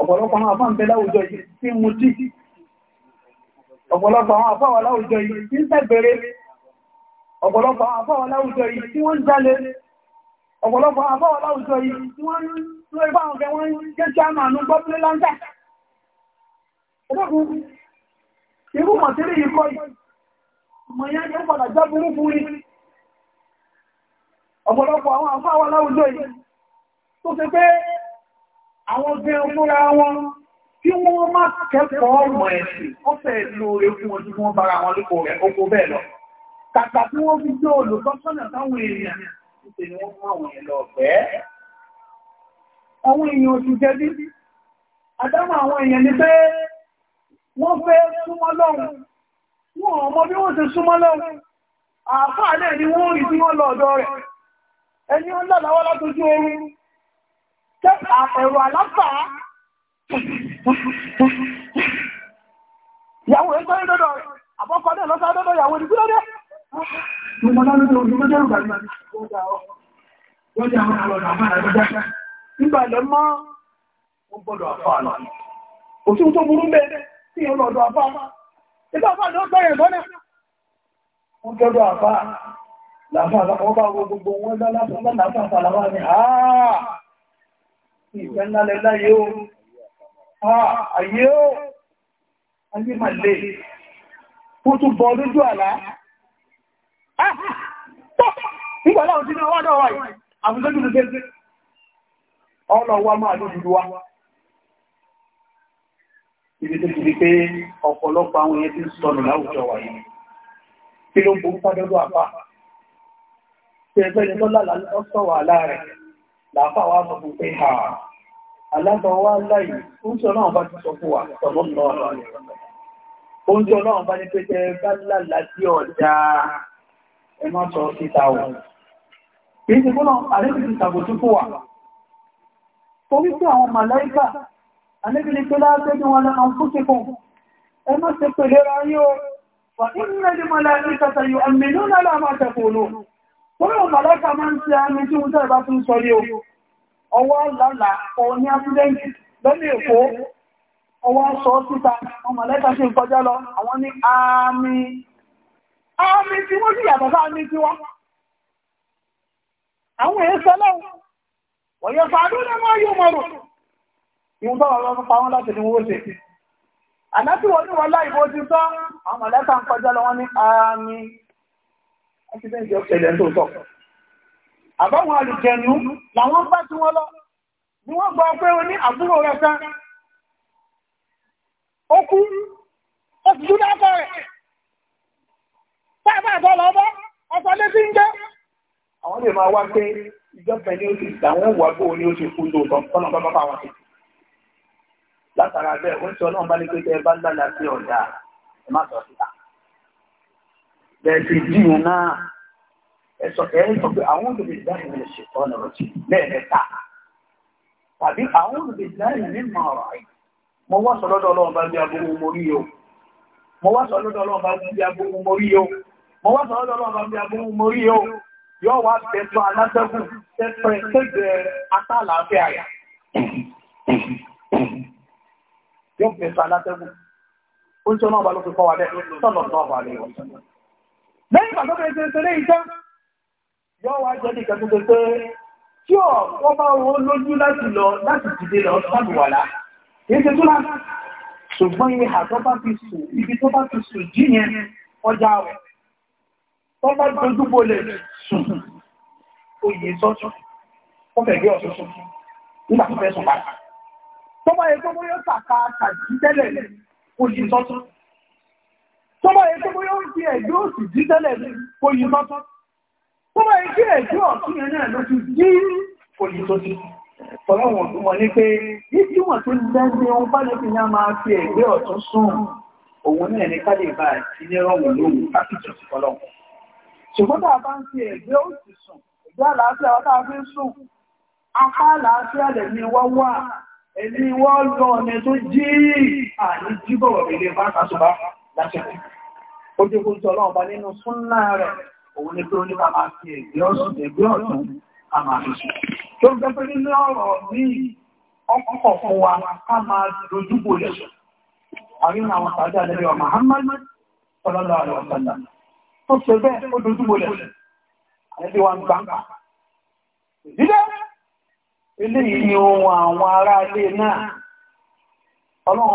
ọ̀pọ̀lọpọ̀ àwọn àfáà ń bẹ láwùjọ yìí tí mu tí ọ̀pọ̀lọpọ̀ àwọn àfáà láwùjọ yìí tí ń tẹ̀gbẹ̀rẹ̀ ọ̀pọ̀lọpọ̀ àwọn àfáà láwùjọ yìí tí wọ́n ń jalè ọ̀pọ̀lọpọ̀ àwọn àfáà láwùjọ yìí tí wọ́n ń lórí ọ̀pọ̀lọpọ̀ àwọn àfáwà láwùjọ yìí tó ṣe pé àwọn obìnrin fúnra wọn tí wọ́n má kẹ́kọ̀ọ́ ọmọ ẹ̀sìn ó fẹ́ lo ewu wọn bára wọn lóko rẹ̀ oko bẹ́ẹ̀ lọ kàkà tí wọ́n fi jẹ́ olùkọ́sọ́nà táwọn èèyàn àwọn èèyàn oṣù jẹ́bí àdámà àwọn èèyàn ní pé wọ́n fẹ́ súnmọ́ lọ́run wọ́n ọmọ bí wọ́n ti súnmọ́ lọ́run náà ni wọ́n rí tí wọ́n lọ rẹ̀ ẹni ó lọ́lọ́wọ́ látójú oorun ẹ̀rọ náà lọ́sọ́ nígbàlẹ̀ mọ́ ó gbọ́dọ̀ àfáà lọ òṣùn tó burú bẹ́ẹ̀ tí ó lọ́dọ̀ àfáà ìgbà àfáà ó gbọ́dọ̀ àfáà láfáà wọ́n bá wo gbogbo ní àà ìfẹ́ ńlá lẹ́lá yóò ààyè ọlọ́wà máa ló dúdú wá ibi tó ti di pé ọ̀pọ̀lọpọ̀ àwọn ẹni tí ń sọnù láwùjọ wà yìí kí ló ń ború fádọ́dọ́ àpá tí ẹgbẹ́ ni lọ́lá lọ́sọ̀wà aláàrẹ̀ làáfà wá sọ fún pé ha alága wá láì oúnjẹ náà bá ti sọ fún wa sọ̀rọ̀ lọ́rọ̀ oúnjẹ náà bá ní pé tẹ bá lálàá sí ọ̀dà ẹ má sọ síta o kì í ti gbọ́nà àlejò ti fún wa torí pé àwọn màláíkà anẹ́bìnrin pé láàpẹ́ bí wọn lọ́nà fúnkẹ́kùn ẹ má ṣe pèlè ra yí o wà nínú ẹni màláíkà tàyò àmì ní ọ̀nà àmà tẹ̀kùnù torí àwọn màláíkà máa ń ṣe àmì tí wọ́n tẹ́rẹ bá tún sọ yí o ọwọ́ lálà ọ ní afúdẹ́ǹtì lọ́nà èkó ọwọ́ sọ síta àwọn màláíkà ṣe ń kọjá lọ àwọn ní àmì àmì tí wọ́n sì yàtọ̀ sáà ní tiwọn àwọn èèyàn sẹ́lẹ̀ wọ̀nyẹ fàádó ní máa yóò mọ̀rọ̀ ìwọ̀n tọ́rọ lọ́nà pàwọn láti ní wó ṣe àlẹ́tí wọ́n ní wọ́n láì bó ti sọ àwọn mọ̀lẹ́ta ń kọjá lọ wọ́n ní àmì accident of ṣẹlẹ̀ tó tọ̀ àbáwọn alùjẹnu làwọn bá tí wọ́n lọ ni wọ́n gbọ́ pé ó ní àbúrò rẹ̀ kan ó kú ó ti dúdá kọ rẹ̀ sábà tọ́ lọ bọ́ ọ̀sán létí ń àwọn lè máa wá pé ìjọba ni ó ti gbà wọ́n wà bó ni ó ti kú lóòótọ́ kọ́nà bá bá bá wọn. látara bẹ́ẹ̀ ó ń sọ náà bá ní pé tẹ́ ẹ bá lálàá sí ọ̀dà ẹ má sọ síta. bẹ́ẹ̀ ti dìyàn náà ẹ sọ ẹ sọ pé àwọn olùdè ìdáhùn lè ṣètò ọ̀nà rẹ̀ lẹ́ẹ̀mẹ́ta tàbí àwọn olùdè ìdáhùn ní mọ̀ ọ̀rọ̀ yìí. mo wá sọ lọ́dọ̀ ọlọ́run bá bí agbóhùn mo rí o mo wá sọ lọ́dọ̀ ọlọ́run bá bí agbóhùn mo rí o mo wá sọ lọ́dọ̀ ọlọ́run bá bí agbóhùn mo rí o yóò wá tẹ́tọ́ alásẹ́gùn tẹ́tọ́ ẹ̀tẹ́gbẹ̀ atálàáfẹ́ àyà. Yóò tẹ́tọ́ alásẹ́gùn. Ó ń sọ́nà ọba ló fi kọ́ wa bẹ́ẹ̀ sọ́nà ọ̀tọ́ ọba rẹ̀ wọ̀. Lẹ́yìn ìgbà tó bẹ̀rẹ̀ ṣe ṣeré ìjẹ́, yóò wá jẹ́ nìkan tó ṣe pé tí ọ̀ wọ́n bá wo lá. Kìí ṣe túlá. Ṣùgbọ́n iye àtọ́ bá fi sùn, ibi tó bá fi sùn jí yẹn, ọjà rẹ̀. Tó bá dojú sùn sọ́tún ó fẹ́ gbé ọ̀sán nígbà tó fẹ́ sùn padà tó bá yẹ gbogbo yóò tàkà tàbí tẹ́lẹ̀ oyè sọ́tún tó bá yẹ gbogbo yóò fi ẹ̀jọ́ òsì dí tẹ́lẹ̀ oyè sọ́tún tó bá yẹ kí ẹ̀jọ́ ọ̀tún yẹn náà ló ti dí oyè sọ́tún ọlọ́wọ̀n tó mọ̀ ní pé yíkí wọ̀n tó lẹ́gbẹ́ ohun bá lẹ́gbẹ́ ní a máa fi ẹ̀gbẹ́ ọ̀tún sùn òun náà ní ká lè bá àti ní rọ̀wọ̀n lóhun ṣùgbọ́n tá a bá ń fi ẹ̀gbẹ́ òsì sùn ẹ̀gbẹ́ àlàáfíà wọ́n tá a fi ń sùn apá àlàáfíà lè ní wọ́n wà ẹni wọ́n lọ ọ̀nà tó jí àní jíbọ̀wọ̀ ilé bá kàṣùbá lásìkò ojú kó tọ́lọ́ ọba nínú súnnà rẹ̀ òun ni pé ó ní ká máa fi ẹ̀gbẹ́ ọ̀tún ká máa fi sùn tó ń gbẹ́pẹ́ nínú ọ̀rọ̀ ní ọkọ̀ fún wa ká máa dojúbò lẹ́sùn àrínà àwọn tàbí àdẹ́rẹ́ Muhammad sallallahu alaihi wasallam ó ṣe bẹ́ẹ̀ ó dojú mọ́lẹ̀ ọlọ́run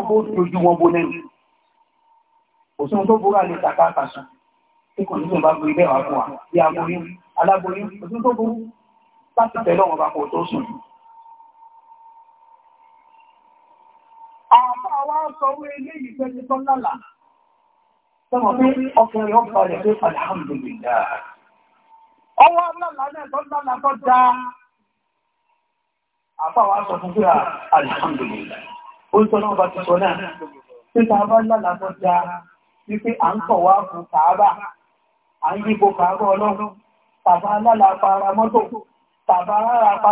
bó dojú wọn bó lẹ́nu òsùn tó búrà lè tàkà àkàṣùn tí kò nílò bá gbé ilé fún wa bí aboyún aláboyún òsùn tó burú láti tẹ̀lé ọ̀wọ̀n bá kò tó sùn àwọn àwọn sọ wé Sọ́mọ̀ pé ọkùnrin ọ̀pá alhamdulillah. Ọwọ́ lọ́la náà tó lọ́la tó dá. alhamdulillah. Ó ń tọ́lọ́ bá ti sọ náà. Títa bá lọ́la tó dá wípé à ń kọ̀ wá fún kàábà. À ń yípo kàábà ọlọ́run. Tàbá lọ́la para mọ́tò. Tàbá rárá pa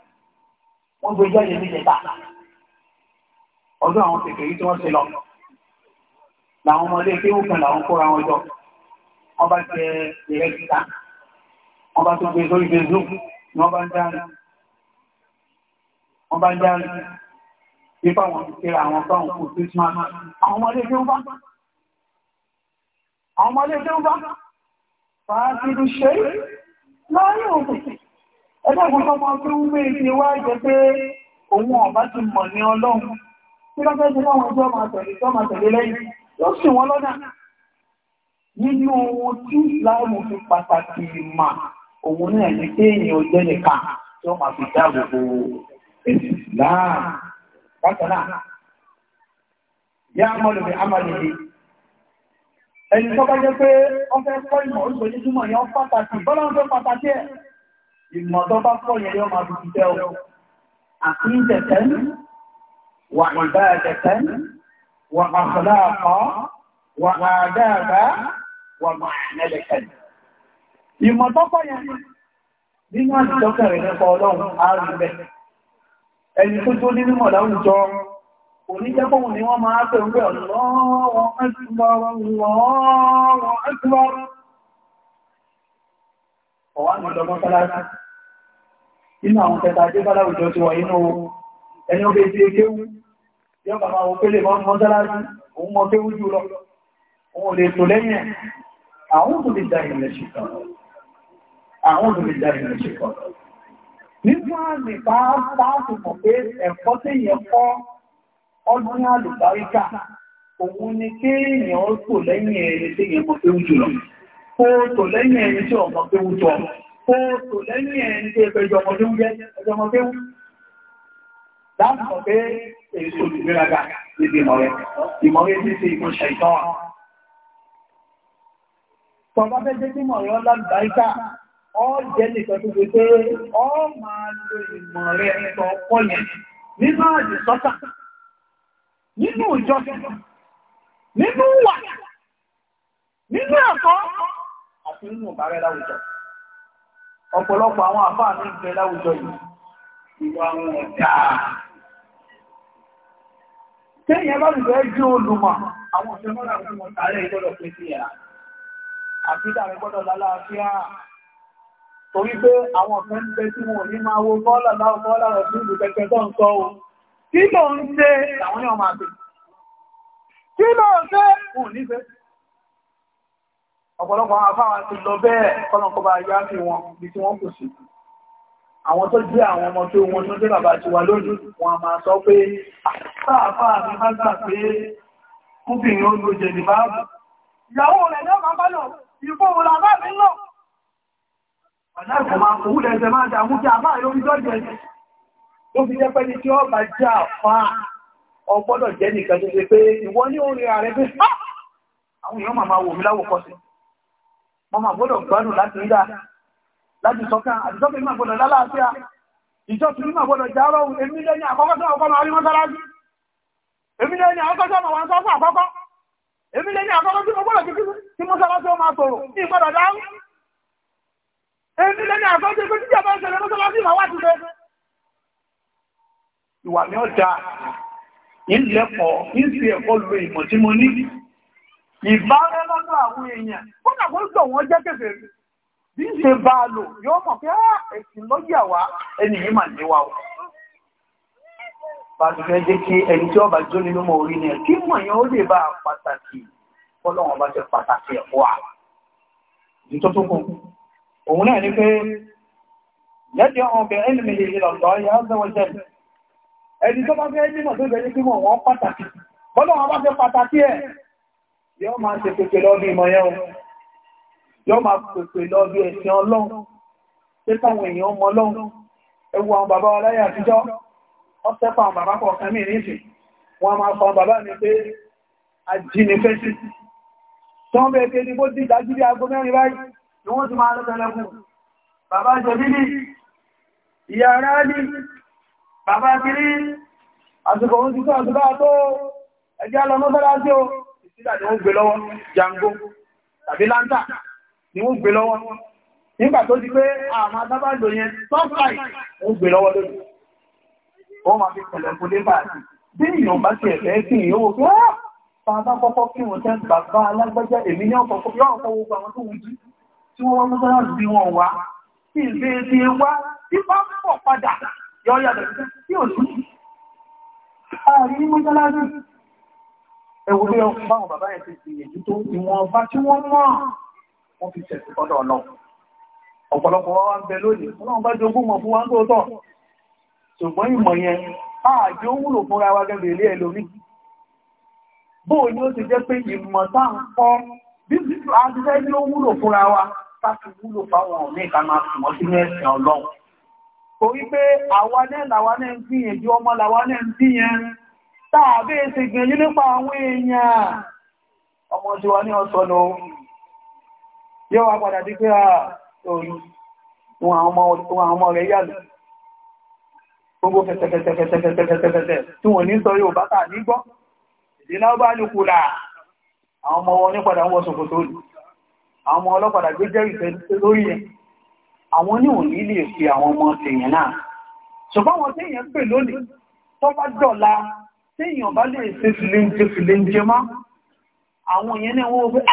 wọ́n gbé jọ́jẹ́ ní ìjẹta ọdún àwọn kèkè yìí tí wọ́n ti lọ làwọn ọmọdé tí ó làwọn kóra wọn jọ wọ́n bá tẹ ìrẹsì wọ́n bá tó gbé sórí facebook ni wọ́n bá ń dárí wọ́n bá ń dárí nípa wọn ti tẹ́ra àwọn fáwọn kò tó tí máa àwọn ọmọdé tí bá àwọn ọmọdé tí bá fàájú ṣe láàárín òkùnkùn ẹgbẹ́ ìgbọ́gbọ́ mọ́ pé ń gbé ìpé wá jẹ́ pé òun ọ̀bá ti mọ̀ ní ọlọ́run tí lọ́gbẹ́ ti láwọn ọjọ́ máa tẹ̀lé tó máa tẹ̀lé lẹ́yìn ló sì wọ́n lọ́nà nínú ohun tí láàrùn fi pàtàkì mà òun náà ní pé èèyàn ò jẹ́ nìkan tí ó máa fi dáàbò bo Islam bákan náà yá mọ́lù mi amọ̀lù yìí ẹni tó bá jẹ́ pé ọ fẹ́ kọ́ ìmọ̀ oríṣiríṣi mọ̀ yẹn pàtàkì bọ́lá ń fẹ́ pàtàkì ẹ̀ ìmọ̀ tó bá pọ̀ yẹn yóò máa fi jẹ́ o àkíńtẹ̀tẹ̀ wà ìbáyàtẹ̀tẹ̀ wà àkọláàkọ́ wà àdáàbá wà màánẹ́lẹ̀kẹ̀. ìmọ̀ tó pọ̀ yẹn nínú wọ́n máa ọ̀wá ní ọ̀dọ̀ mọ́sálásí inú àwọn tẹta ajé bá láwùjọ ti wà inú ẹni ọbẹ̀ tí kéwú yọ bàbá wọn pélé mọ́sálásí òun mọ́ kéwú jù lọ òun ò lè tò lẹ́yìn àwọn tó lè darí ilẹ̀ ṣìkan àwọn tó lè darí ilẹ̀ ṣìkan nínú àmì pàápàá mọ̀ pé ẹ̀kọ́ tí yẹn kọ́ ọdún àlùbáríkà òun ni kéèyàn ó tò lẹ́yìn ẹni tí yẹn mọ̀ kéwú jù lọ kóòtò lẹ́yìn ẹni tí ọmọ pé wútọ́ kóòtò lẹ́yìn ẹni tí ẹgbẹ̀jọ ọmọ ń jẹ́ ẹjọmọ pé wú èso ìgbéraga níbi ìmọ̀rẹ́ ìmọ̀rẹ́ ti ìmọ̀ ṣẹ̀tọ́ tọba fẹ́ mọ̀rẹ́ ọlágbàáríkà ọ jẹ́ nìkan tó fi pé ọ máa lo ìmọ̀rẹ́ ẹ̀tọ́ ọ̀pọ̀ yẹn nínú àdìsọ́tà nínú ìjọsìn nínú wà nínú ẹ̀kọ́ àti nínú ìbárẹ́ láwùjọ ọ̀pọ̀lọpọ̀ àwọn àfáà ní ìgbẹ́ láwùjọ yìí ìwà wọn ọ̀dà téèyàn bá lùfẹ́ jẹ́ olùmọ̀ àwọn òṣèré fún wọn tààrẹ gbọ́dọ̀ ẹ̀ àti dàrẹ gbọ́dọ̀ lálàáfíà torí pé àwọn ọ̀fẹ́ ń bẹ tí wọn ní máa wo bọ́ọ̀lá láwọn bọ́ọ̀lá rẹ̀ sí ìlú kẹ̀kẹ́ tó ń sọ o kí ló ń ṣe àwọn ní ọmọ àgbẹ̀ kí ọ̀pọ̀lọpọ̀ àwọn afáwà ti lọ bẹ́ẹ̀ kọ́nàkọ́bà yá fi wọn bí tí wọ́n kù sí àwọn tó jẹ́ àwọn ọmọ tó wọn tó jẹ́ bàbá ti wà lójú wọn a máa sọ pé sáàfáà ah, mi bá gbà pé kúbìnrin ó lo jẹ̀dì báàbù ìyàwó rẹ̀ náà máa bá lọ ìfò òun àbá mi lọ ọ̀nà ẹ̀kọ́ máa kò wúlẹ̀ ẹsẹ̀ máa dàmú jẹ́ àbá lórí dọ́jẹ̀ tó fi jẹ́ pé ní tí ó bá jẹ́ àfá ọgbọ́dọ̀ jẹ́ nìkan tó ṣe pé ìwọ ah! àwọn èèyàn máa wò mí láwòkọ́sí wọ́n máa gbọ́dọ̀ gbádùn láti rí dá láti sọ́kàn àdìsọ́kàn ní máa gbọ́dọ̀ lálàáfíà ìjọsìn ní máa gbọ́dọ̀ járọ̀ èmi lẹ́ni àkọ́kọ́ tó àkọ́kọ́ máa rí mọ́sálásí èmi lẹ́ni àkọ́kọ́ tó máa wà ń sọ́kọ́ àkọ́kọ́ èmi lẹ́ni àkọ́kọ́ tí mo gbọ́dọ̀ kí kí mọ́sálásí ó máa tòrò ní ìgbọ́dọ̀ dáhùn èmi lẹ́ni àkọ́kọ́ tí kí jẹ́ bá ń ṣẹlẹ̀ mọ́sálásí máa wà tìṣe ìwà mi ọjà ìlẹ́kọ̀ọ́ ìsì ẹ̀kọ́ lo ìmọ̀ tí mo ní ìbára lọ́dọ̀ àwọn èèyàn kódà kó sọ wọ́n jẹ́ kẹfẹ́ bí ń ṣe bá a lò yóò mọ̀ pé ah, ẹ̀sìn lọ́yà wá ẹni yìí mà níwá o bá a jẹ́ kí ẹni tí ọba jó nínú mọ̀ orí ni ẹ̀ kí mọ̀ yẹn ó lè bá a pàtàkì fọlọ́wọ́n bá ṣe pàtàkì ẹ̀kọ́ wa ní tó òun náà ni pé lẹ́jọ́ ya ń sẹ́wọ́n jẹ́ ẹni tó bá fẹ́ nímọ̀ tó bẹ̀rẹ̀ kí mọ̀ yóò máa ṣe pèpè lọ́bí ìmọ̀ yẹn o yóò máa pèpè lọ́bí ẹ̀sìn ọlọ́run pé káwọn èèyàn mọ ọlọ́run ẹ wo àwọn bàbá ọláyé àtijọ́ ọ́sẹ́ pa àwọn bàbá kọ̀ọ̀kan mí nísìn wọn máa sọ bàbá mi pé ajínigbésí tí wọ́n bẹ̀ẹ́ pé ní bó dìjà jírí aago mẹ́rin báyìí ni wọ́n ti máa lọ́tẹ̀lẹ́kùn bàbá jẹ̀bí ní ìyá ara ní bàbá kiri àsìkò oúnjẹ tó àtúbà tó ẹjẹ́ lọ mọ́sálásí o sílà ni wọ́n gbé lọ́wọ́ jango tàbí láńtà ni wọ́n gbé lọ́wọ́ nígbà tó di pé àwọn adábàlò yẹn tọ́pàì wọ́n gbé lọ́wọ́ lórí wọ́n máa fi pẹ̀lẹ̀ kó débà bí ìyàn bá ti ẹ̀fẹ́ sí ìyówó pé ó ah, bàbá kọ́kọ́ kí wọ́n tẹ́ bàbá alágbájá èmi ní ọkọ̀ yọ́ ọkọ̀ gbogbo ẹwù bí wọn báwọn bàbá yẹn ti gbìyànjú tó ìwọ̀nba tí wọ́n mọ̀ wọ́n fi tẹ̀sí ọ̀dọ̀ ọ̀nà ọ̀pọ̀lọpọ̀ wa ń bẹ lónìí ọlọ́run bá jogún mọ̀ fún wa ń tó tọ̀ ṣùgbọ́n ìmọ̀ yẹn ààjẹ́ ó wúlò fúnra wa gẹ́gẹ́ ilé ẹlòmí bóò ni ó ti jẹ́ pé ìmọ̀ tá ń kọ́ bí àtijọ́ ni ó wúlò fúnra wa láti wúlò fáwọn ọ̀mí ìka máa fi wọ́n sínú ẹ̀sìn ọlọ́run torí pé àwa náà làwa náà ń gbìyànjú ọmọ làwa náà ń gbìyànjú tàbí ti gbìyànjú nípa àwọn èèyàn ọmọ tí wà ní ọ̀sọ̀nà yóò wá padà dí pé à torí wọn àwọn ọmọ rẹ̀ yàlù gbogbo kẹtẹkẹtẹkẹtẹkẹtẹkẹtẹ tí wọ́n ní sọ yóò bá tà ní gbọ́ ìdínà bá ní kùlà àwọn ọmọ wọn ní padà wọ́n sọ̀kò tó lù àwọn ọmọ ọlọ́padà gbé jẹ́ ìfẹ́ lórí yẹn àwọn ní òní lè fi àwọn ọmọ tèèyàn náà ṣùgbọ́n wọn tèèyàn pè lónìí tó bá dọ̀la téèyàn bá lè ṣe fìléńjẹ fìléńjẹ má àwọn èèyàn ní wọ́n wọ́n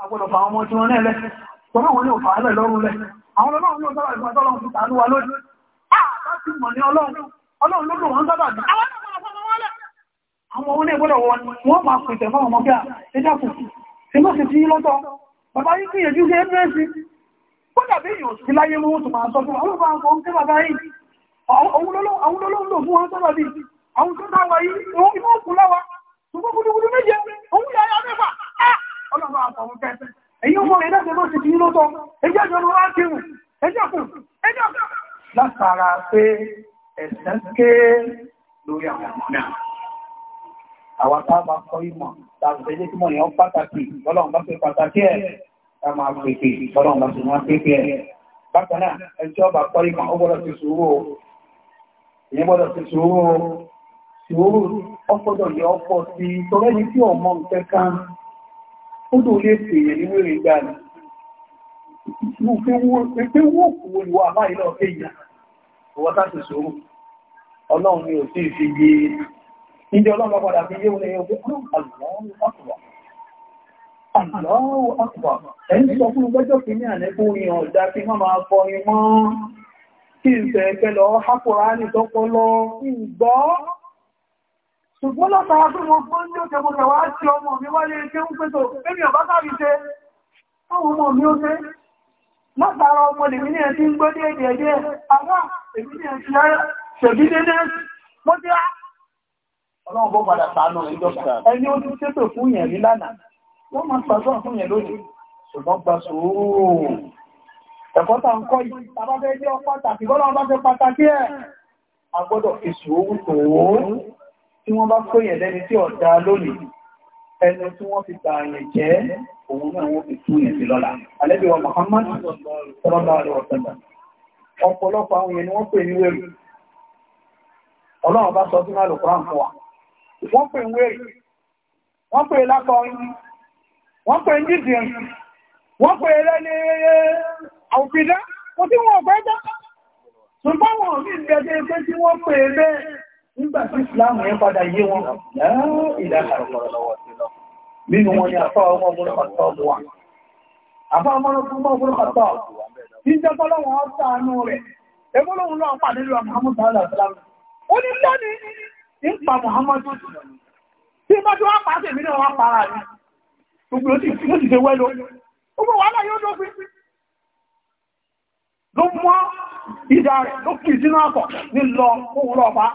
agbọ́dọ̀ ah! fà ọmọ tí wọ́n náà lẹ́ tọ́nà wọn ní òfà ẹlẹ́ lọ́rùn lẹ́ àwọn ọlọ́run ló sábà ìgbà tọ́lọ́run ti tàánú wa lójú ah! Àwọn tó dáwà yìí, òun yóò kú lọ́wọ́. Ṣùgbọ́n gúdúgúdú méje, òun yà yà mẹ́fà. Ọlọ́run àpọ̀wọ̀ kẹfẹ́. Èyí ó mọ̀ ẹ̀dẹ́gbẹ̀ ló ti kí ní lótọ́. Ẹjẹ́ ìjọ ló wá kírun. Ẹjẹ́ kù. Ẹjẹ́ kù. Látara pé ẹ̀sẹ̀ ké lórí àwọn ọmọ náà. Àwọn tá a bá kọ́ ìmọ̀, tàbí ṣe jẹ́ kí mọ̀ yẹn pàtàkì, lọ́lọ́run bá ṣe pàtàkì ẹ̀, ká máa pèpè, lọ́lọ́run bá ẹjọ́ bá ìmọ̀, ó gbọ́dọ̀ ti sùúrù Ìyẹn gbọ́dọ̀ ti sùúrù sùúrù ọ̀pọ̀dọ̀ lè ọ̀pọ̀ sí tọrẹ ní tí ọmọ nǹkan kan ó dò lè pèèyàn nínú èrè gbà ní mo fi wó kú olùwà báyìí lọ pé ìyá ìwọ tá sì sùúrù ọlọ́run ni ò sí fi yé ìdí e. ọlọ́run padà fi yé wọn ẹyọ pé ọlọ́run àkùbà àlọ́wọ́ àkùbà ẹ̀yìn sọ fún ọgbẹ́jọ́ kìíní àlẹ́kùn orin ọ̀dá kí má máa kọrin mọ́ kí n fẹ́ lọ hápùrá ní lọ ń gbọ́ ṣùgbọ́n látara pé mo gbọ́n ní òkè mo tẹ̀wàá sí ọmọ mi wáyé ṣe ń pẹ́tò lẹ́mí ọ̀bá sáàrí ṣe táwọn ọmọ mi ó ṣe látara ọmọ lèmi ní ẹ̀sí ń gbọ́ ní èdè ẹ̀dẹ́ àwọ́ èmi ní ẹ̀sí ṣẹ̀bí dédé mọ́ tí á ọlọ́run bó padà sàánú ẹni ó ti ṣètò fún yẹn rí lánàá wọ́n máa pàṣọ fún yẹn lónìí ṣùgbọ́n gba sòórò ẹ̀kọ́ tá ń kọ́ yìí tàbá fẹ́ jẹ́ pàtàkì bọ́lá ọba fẹ́ pàtàkì ẹ̀ a gbọ́dọ̀ tòó tí wọ́n bá kóyẹ̀ lẹ́ni tí ọ̀dá lónìí ẹnu tí wọ́n fi tààyàn jẹ́ òun náà wọ́n fi tún yẹ̀ sí lọ́la alẹ́bíwa Muhammad sọ́lọ́bà rẹ̀ ọ̀sẹ̀dà ọ̀pọ̀lọpọ̀ àwọn yẹn ni wọ́n pè ní wẹ́rù ọlọ́run bá sọ sínú àlùkùrán fún wa wọ́n pè ń wẹ́rù wọ́n pè lákọrin wọ́n pè ń dídìn wọ́n pè lẹ́ni àwùfidá mo tí wọ́n ọ̀gbẹ́dá nígbà tí ìsìláàmù yẹn padà yé wọn ìlànà ọ̀pọ̀lọpọ̀ nínú wọn ni àfá ọmọ ọmọdé pàtó ọmọ wa àfá ọmọ ọmọdé pàtó tí ń jẹ́kọ́ lọ́wọ́ ọ́sàánú rẹ̀ ẹgbọ́lọ́hun lọ́wọ́ pàdé lọ Muhammad sallallahu alaihi wasallam ó Muhammad tí bá tí wọ́n pa á tèmi para rẹ̀ gbogbo ó sì ṣe wẹ́lò ó bọ̀ wàhálà yóò dófin ló mọ́ ìdá rẹ̀ ló kì í sínú àkọ̀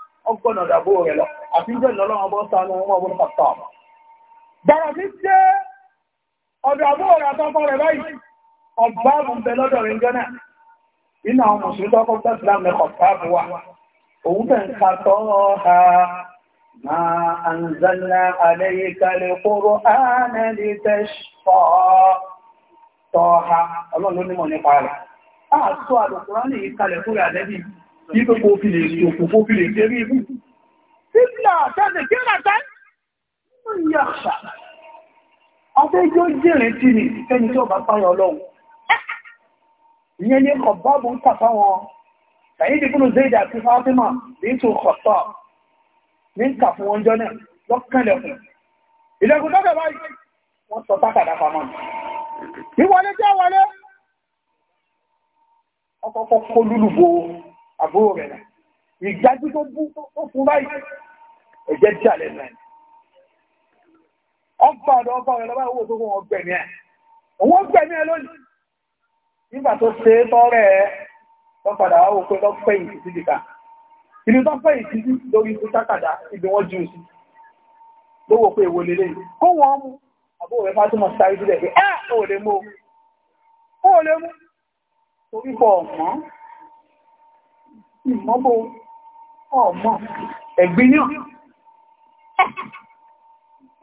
ọgbọ́nà ìdàbò rẹ̀ lọ àti jẹ́ ìlọ́lọ́wọ́ bọ́ sánú wọn wọ́n pàtà bọ̀rọ̀ tí jẹ́ ọ̀dọ̀ àbò rẹ̀ àtọ́kọ́ rẹ̀ báyìí ọba àrùn bẹ lọ́dọ̀ rẹ̀ jẹ́ náà iná àwọn mùsùlùmí tọ́kọ́ bẹ́ sílá mẹ́kọ̀ káàbù wa òun tẹ̀ ń ka tọ́rọ ha máa àǹzánná àlẹ́yìnkálẹ̀ kóró ánẹ́lì tẹ́ṣọ́ tọ́ ha ọlọ́run ló nímọ̀ nípa rẹ̀ Ipe kò fi lè ṣòkò kò fi lè tẹ́rí ibú. Sílá tẹ́lẹ̀ kí ràtá nínú ìyẹ àṣà. Ọdẹ́ yóò jèrè tí ni ẹni tí ó bá páyọ ọlọ́run. Ìyẹn ni kọ̀ bọ́ọ̀bù ń tàfá wọn. Sàyídì kúrò Zéèdì àti Fátímà ní tó kọ̀tọ̀ ní ń kà fún wọn jọ náà lọ́kànlẹ̀kùn. Ìlẹ̀kùn tọ́kẹ̀ báyìí, wọ́n sọ pákàdá pamọ́. Ìwọlé jẹ́ wọlé. Ọkọ̀ọ̀kọ̀ kó lúlùgbò àbúrò rẹ̀ náà ìgbájú tó bú tó fún báyìí ẹ̀jẹ̀ tí àlẹ́ náà ọgbà ọ̀dọ̀ ọgbà ọ̀rẹ́ lọ́wọ́ owó tó kún wọn gbẹ̀mí ẹ̀ òun gbẹ̀mí ẹ lónìí nígbà tó ṣe é tọ́rẹ̀ ẹ tó padà wá wò pé lọ́pẹ́ yìí títí dìkà ìlú tó pẹ́ yìí títí lórí ikú sákàdá ibi wọ́n jù sí lówó pé èwo lélẹ̀ kó wọ́n mú àbúrò rẹ̀ fátúmọ̀ sáré sílẹ̀ pé ẹ́ ò lè mú ò lè mú torí pọ̀ ọ̀mọ́ ìmọ́bò ọmọ ẹ̀gbìyàn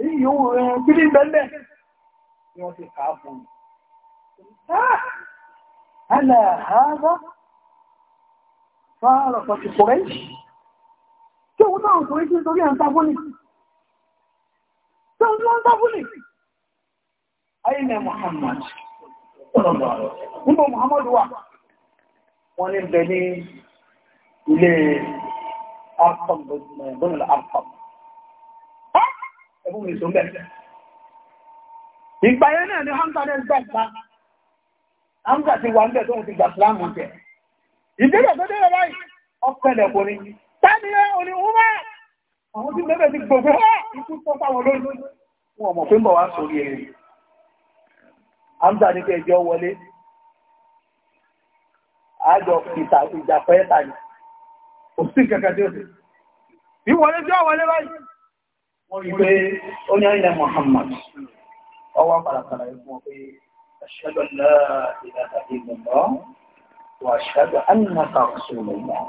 èyí yóò rẹ̀ eh, kí ní bẹ́ẹ̀ ni wọ́n ti kàá fún aláàárá fàárọ̀ pàtí kò rẹ̀ tí òun náà kò rí sí torí à ń tábúlì tí òun náà ń tábúlì ayé ni Muhammad nígbà Muhammad wà wọ́n ní bẹ̀ ní ilé Arkham bọ́ọ̀lù Arkham ẹ̀bùn mi sùn bẹ̀rẹ̀ ìgbà yẹn náà ni Hamza ní ẹgbẹ́ ìgbà Hamza ti wà níbẹ̀ tóun ti gbà sílámù jẹ ìbílẹ̀ tó délé báyìí ọ̀pẹ̀lẹ̀ kò ní tani ẹ òní wúmẹ àwọn tí bẹbẹ ti gbogbo ẹ ikú tó fáwọn lónìí wọn mọ̀ pé ń bọ̀ wá sórí ẹ Hamza ní kẹjọ wọlé àjọ ìjà pẹ́ẹ́ta òsì kẹkẹ tí ó sì bí wọlé tí ó wọlé báyìí wọ́n rí pé ó ní àìlẹ̀ Muhammad ọwọ́ pàlàpàlà ikú pé aṣẹ́dọ̀ láàrínàtà ìgbìmọ̀ wà aṣẹ́dọ̀ annaka rasulullah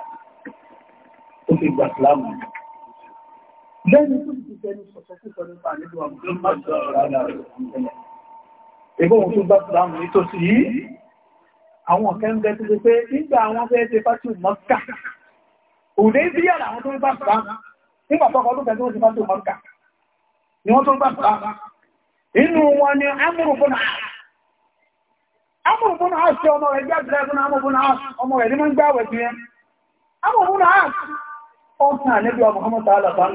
ó fi gbà sílámù lẹ́yìn tó ti tẹni sọ̀tọ̀ púpọ̀ nípa nílò àbúrò má sọ ọ̀rọ̀ ara rẹ̀ ẹgbẹ́ òun tó gbà sílámù nítòsí yìí àwọn kẹ́ńgẹ́ tó ti pé nígbà àwọn fẹ́ẹ́ ṣe fásitì mọ́kà òde bí yàrá àwọn tó ń gbà fà nígbà tọkọ lókè tí wọ́n ti fásitì mọ́kà ni wọ́n tó ń gbà fà inú wọn ni amúrùbùnà amúrùbùnà na ọmọ rẹ̀ bí àbúrẹ́ fún amúrùbùnà ọmọ rẹ̀ ní mọ́ ń wẹ̀ tiẹ̀ amúrùbùnà àṣẹ ọ̀sán àlébí ọmọ ọmọ tààlà bá ń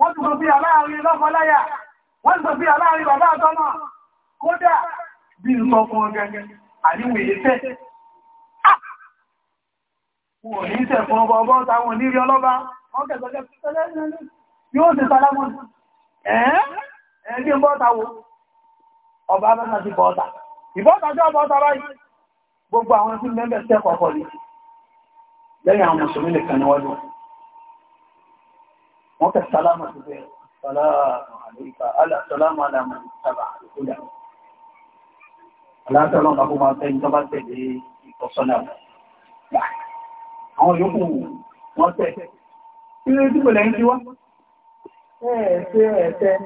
wọ́n ti sọ bí aláàrin lọ́fọláyà wọ́n ti sọ bí aláàrin bàbá àtọ́mọ̀ kódà bí n sọ fún ọgẹ́gẹ́ àríwò èéfẹ́ wọ́n ní tẹ̀ fún ọba ọba táwọn onírí ọlọ́ba wọ́n kẹ̀sọ́jẹ́ yóò ti wọ́n lò wọ́n fẹ́ sálámà tó bẹ́ẹ̀ sálámà àlèkà aláṣọlámà àlàmà ìtàbà àlùkúdà aláṣọlámà bàbá máa fẹ́ nígbà bá tẹ̀lé ìtọ́sọ́nà gbà àwọn yòókù wọ́n tẹ̀ kí ló dúpọ̀ lẹ́yìn tí wá ẹ̀ẹ́sẹ̀ ẹ̀ẹ́sẹ̀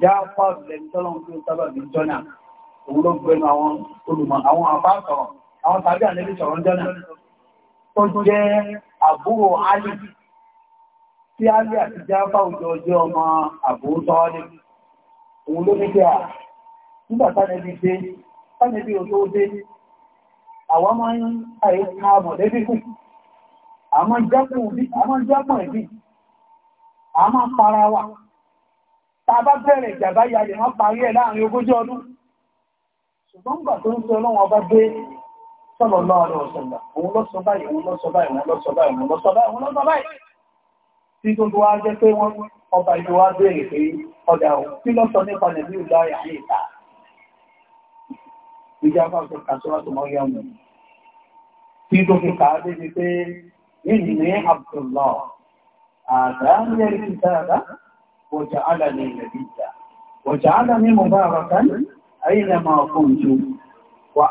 já pàdù lẹ́yìn tọ́lọ́ tó sábà bí jọ́nà òun ló gbẹnu àwọn olùmọ̀ àwọn àbá sọ̀rọ̀ àwọn tàbí àlejò sọ̀rọ̀ tí a rí àti jábá òjò ọjọ́ ọmọ àbúrútọ́ọ́lẹ̀. Òun ló ní pé à, nígbà tánẹ́bí dé, tánẹ́bí ò tó dé, àwọn máa ń àyè ká mọ̀lẹ́bí kù. Àmọ́ wa. Ta bá bẹ̀rẹ̀ ya lè máa parí ẹ̀ láàrin ogójì ọdún. Ṣùgbọ́n gbà tó ń sọ ọba tí tó wá jẹ́ pé wọ́n ọba ìlú wá bèèrè pé ọjà ò kí ló sọ nípa nàbí ìlú ayà ní ìta ìjà bá fẹ́ kàṣọ́wà tó mọ́ yá mú tí tó fi kàá débi pé yìí ní Abdullah àdá ń dáadáa ọjà àlà ní ilẹ̀ ìjà ọjà àlà ní mo bá ara kan ayé ni a máa fún ju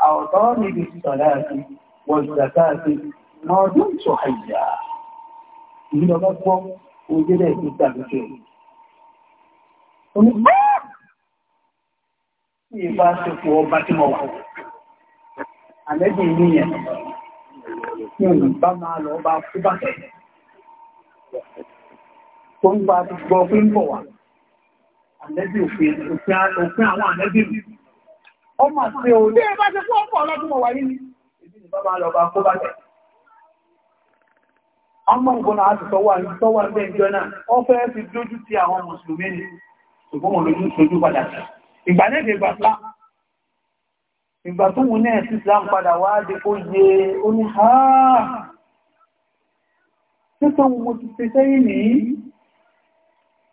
àwọ̀tọ́ níbi sọ̀rọ̀ àti ìlú ọba gbọ́ oúnjẹ rẹ̀ ti gbà lójú ẹ̀. Omi tí ì bá ṣe fò ọba tí mo wà. Àlẹ́bí ìlú yẹn tí ò bá máa lọ bá kú bá tẹ̀. Tó ń gba gbọ́ pé ń bọ̀ Àlẹ́bí òfin àwọn àlẹ́bí mi. Ọmọ àti òun. Bí ẹ bá ṣe fún ọ̀pọ̀ ọlọ́dún mọ̀ wáyé ni. Èmi ni máa lọ bá kú bá tẹ̀ ọmọ ìbọn àti tọwà ní tọwà ní ẹjọ́ náà ó fẹ́ fi dójú ti àwọn mùsùlùmí ni ṣùgbọ́n wọn lójú sojú padà ìgbà náà dé gbà sá ìgbà tó wù náà sí islam padà wá dé ó yẹ ó ní ha títọ́ mo ti fi sẹ́yìn nìyí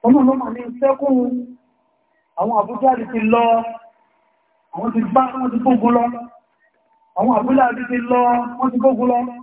ọmọ lọ́mọ ní sẹ́kùn àwọn àbújá àti ti lọ àwọn ti bá wọn ti gbógun lọ àwọn àbújá àti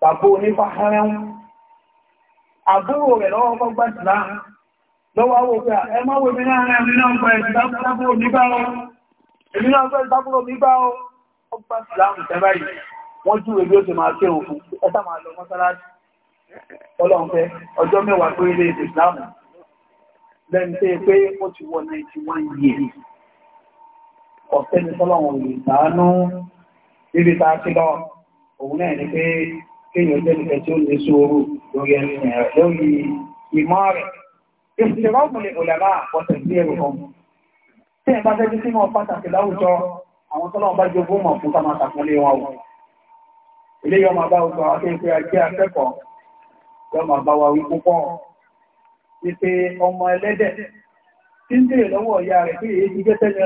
bàbá onífàhárẹ́wọ́n àbúrò rẹ̀ lọ́wọ́ fọ́gbà ìsìlá lọ́wọ́ àwọn òfin ẹ má wo mìíràn rẹ̀ mìíràn pẹ̀ mi bá ọ mi bá ọ ìsìlá wọ́n ó ti máa ẹta máa lọ ọjọ́ mẹ́wàá ilé lẹ́nu tẹ́ pé ó ti wọ ọ̀sẹ́ni sọ́lọ́wọ̀n lọ òun náà ni pé kéèyàn jẹ́ nìkan tí ó lè sóoru lórí ẹni lórí ìmọ̀ rẹ̀. Ìṣèlọ́gùn lè òlàlá àpọ̀tẹ̀ sí ẹ̀rù kan. Tí ẹ̀ bá tẹ́jú sínú pàtàkì láwùjọ, àwọn tọ́lọ́ bá jogún mọ̀ fún kàmá tàkúnlé wọn wò. Ilé yọ máa bá oṣù àwọn tó ajé akẹ́kọ̀ọ́, yọ máa bá wa wí púpọ̀. Ìpe ọmọ ẹlẹ́dẹ̀ tí ń bèèrè lọ́wọ́ ìyá rẹ̀ pé èyí jẹ́ tẹ́lẹ̀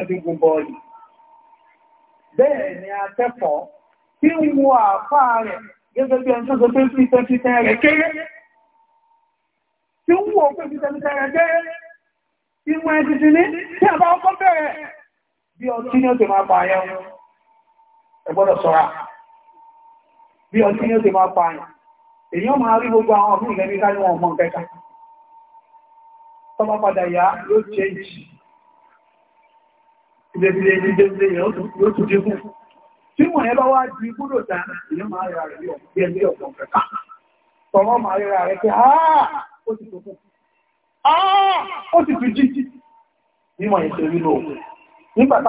gẹ́gẹ́ bí ẹni tó sọ pé pípẹ́ pípẹ́ rẹ̀ kéré tí ń wò pé pípẹ́ pípẹ́ rẹ̀ kéré ìwọ̀n ẹ̀sì sí ní tí àbá ọkọ̀ bẹ̀rẹ̀ bí ọtí ní ó ti máa pààyàn ẹ gbọ́dọ̀ ṣọ́ra bí ọtí ní ó ti máa pààyàn èyàn máa rí gbogbo àwọn ọ̀fún ìlẹ́bí káyí wọn mọ́ kẹta tọ́bá padà yá yóò change tí mọ̀ ẹ bá wá di gbúdò dá ìyẹn máa rẹ̀ rẹ̀ yọ̀ bí ẹgbẹ́ ọ̀pọ̀ kẹta tọ̀rọ̀ máa rẹ̀ rẹ̀ pé ó ti tókù ó ti jí nígbà ha lọ́wọ́ kí wa nù nígbà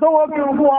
tó wọ́n kí fún wa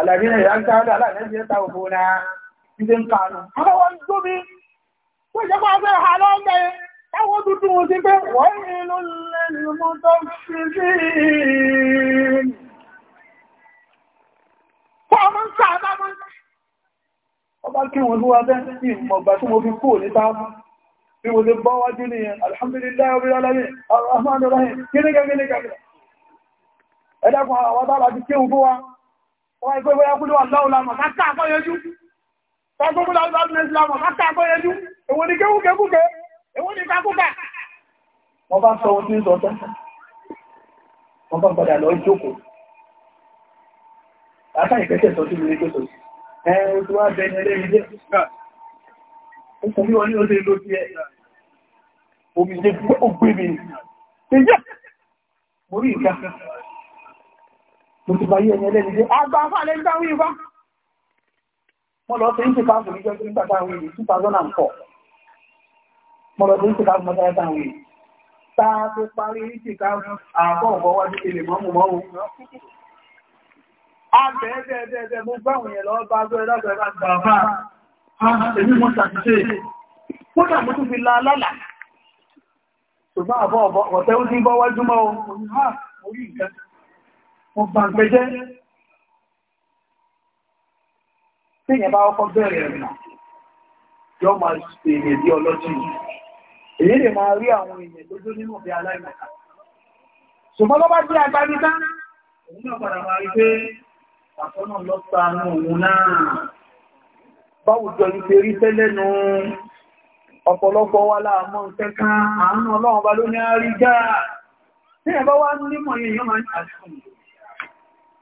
alàbínà ìyáńká ọ̀dọ̀ aláàrẹ́sì ẹ̀ta òfò na ṣíṣe ń kàánù. àwọn wọn tó bí tó jẹ́ pàá fẹ́ ha lọ́gbẹ̀ ẹwọ́ dúdú mo ti pé wọ́n ìlú lẹ́nu mọ́ tó fi sí fọ́ọ̀mù ń sàádá mọ́ ọba kí wọn lúwa bẹ́ sí ìmọ̀gbà tí mo fi kúrò ní táàmù bí mo ti bọ́ wájú ní alhamdulillahi rabbil alamin arrahmanir rahim kíníkà kíníkà ẹ̀dàkùn àwọn bá bá ti kéhùn fún wa Ọwọ́ ìgbé bóyá kúlú ọlọ́ọ̀lá mọ̀ káàkà àkọ́yẹjú. Ọgbọ́n kúlú ọlọ́ọ̀lá mọ̀ káàkà àkọ́yẹjú. Èwo ni kéwúkéwúké? Èwo ni kákúkà? Wọ́n bá sọ ohun tí ń sọ tán. Wọ́n bá padà lọ jókòó. Bàtà ìfẹ́sẹ̀ sọ sí ilé gbèsò. Ẹ oṣù wá bẹ ní ẹlẹ́rìí jẹ́. Ó kò bí wọn ní oṣù ló ti ẹ. Omi jẹ́ gbé mi. Mo rí ìka mo ti báyé ẹni ẹlẹ́ni jẹ́ àgbà afáàlẹ́ ń dáwé ìfá mo lọ sí ìsìnká fún ìjọ tí nígbàtà àwọn èyí 2004 mo lọ sí ìsìnká fún mọ́tà ẹ̀ta àwọn èyí tá a tó parí ìsìnká fún àkọ́ ọ̀bọ̀ wájú ilé mọ́mù mọ́mù àbẹ́ẹ̀ẹ́dẹ́ẹ̀dẹ́ mo gbáwọn yẹn lọ bá gbé ẹ̀dọ́gbẹ̀ẹ́ bá gbà fáà èmi mo ṣàtúnṣe kódà mo tún fi la lálà ṣùgbọ́n àbọ̀ ọ̀tẹ́ ó dín bọ́ wájú mọ́ ohun orí nǹkan wọ́n bá ń gbẹ́jẹ́ tí ìyẹn bá ọkọ̀ bẹ̀rẹ̀ ẹ̀rìnà yọ máa ṣe èyẹ bí ọlọ́jì èyí lè máa rí àwọn èyẹ tó nínú bí aláìmọ̀ká ṣùgbọ́n lọ́bá jẹ́ agbájúdá òun náà padà máa rí pé àtọ́nà lọ́sàánú òun náà báwùjọ ní pé rí tẹ́lẹ̀ nù ọ̀pọ̀lọpọ̀ wá láàmọ́ ìfẹ́kán àánú ọlọ́run bá ló ní àrígá tí ẹ̀bá wá nímọ̀ yìí yọ́ máa ń àṣùn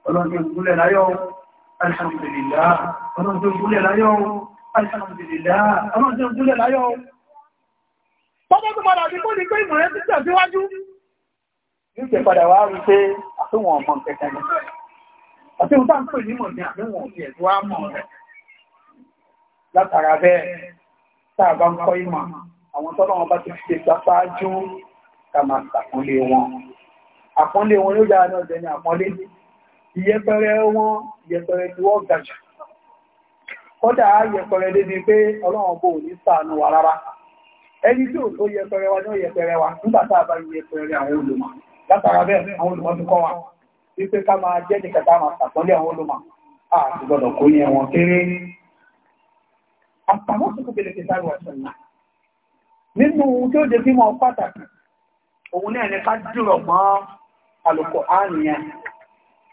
ọlọ́run tó gúnlẹ̀ láyọ̀ alhamdulillah ọlọ́run tó gúnlẹ̀ láyọ̀ látara bẹ́ẹ̀ tá bá ń kọ́ ìmọ̀ àwọn tọ́lọ́ bá ti fi ṣáájú ká máa wọn àpọ́nlé wọn ló yára náà jẹ́ ní àpọ́nlé ìyẹpẹrẹ wọn ìyẹpẹrẹ tí wọ́n gàjà kọ́dà yẹpẹrẹ débi pé ọlọ́run bò ní ṣàánú wa rárá ẹni tí ò tó yẹpẹrẹ wa ní yẹpẹrẹ wa nígbà tá a bá yẹpẹrẹ àwọn olùmọ̀ látara bẹ́ẹ̀ àwọn olùmọ̀ ti kọ́ wa wípé ká máa jẹ́ ní kẹta máa ṣàpọ́nlé àwọn olùmọ̀ àti gbọ́dọ̀ kó yẹn wọn kéré àtàwọn tó kéde kí sáré wà sọ̀nà nínú tí ó jẹ́ kí pàtàkì òun náà ní ká dúró mọ́ àlùkò àníyàn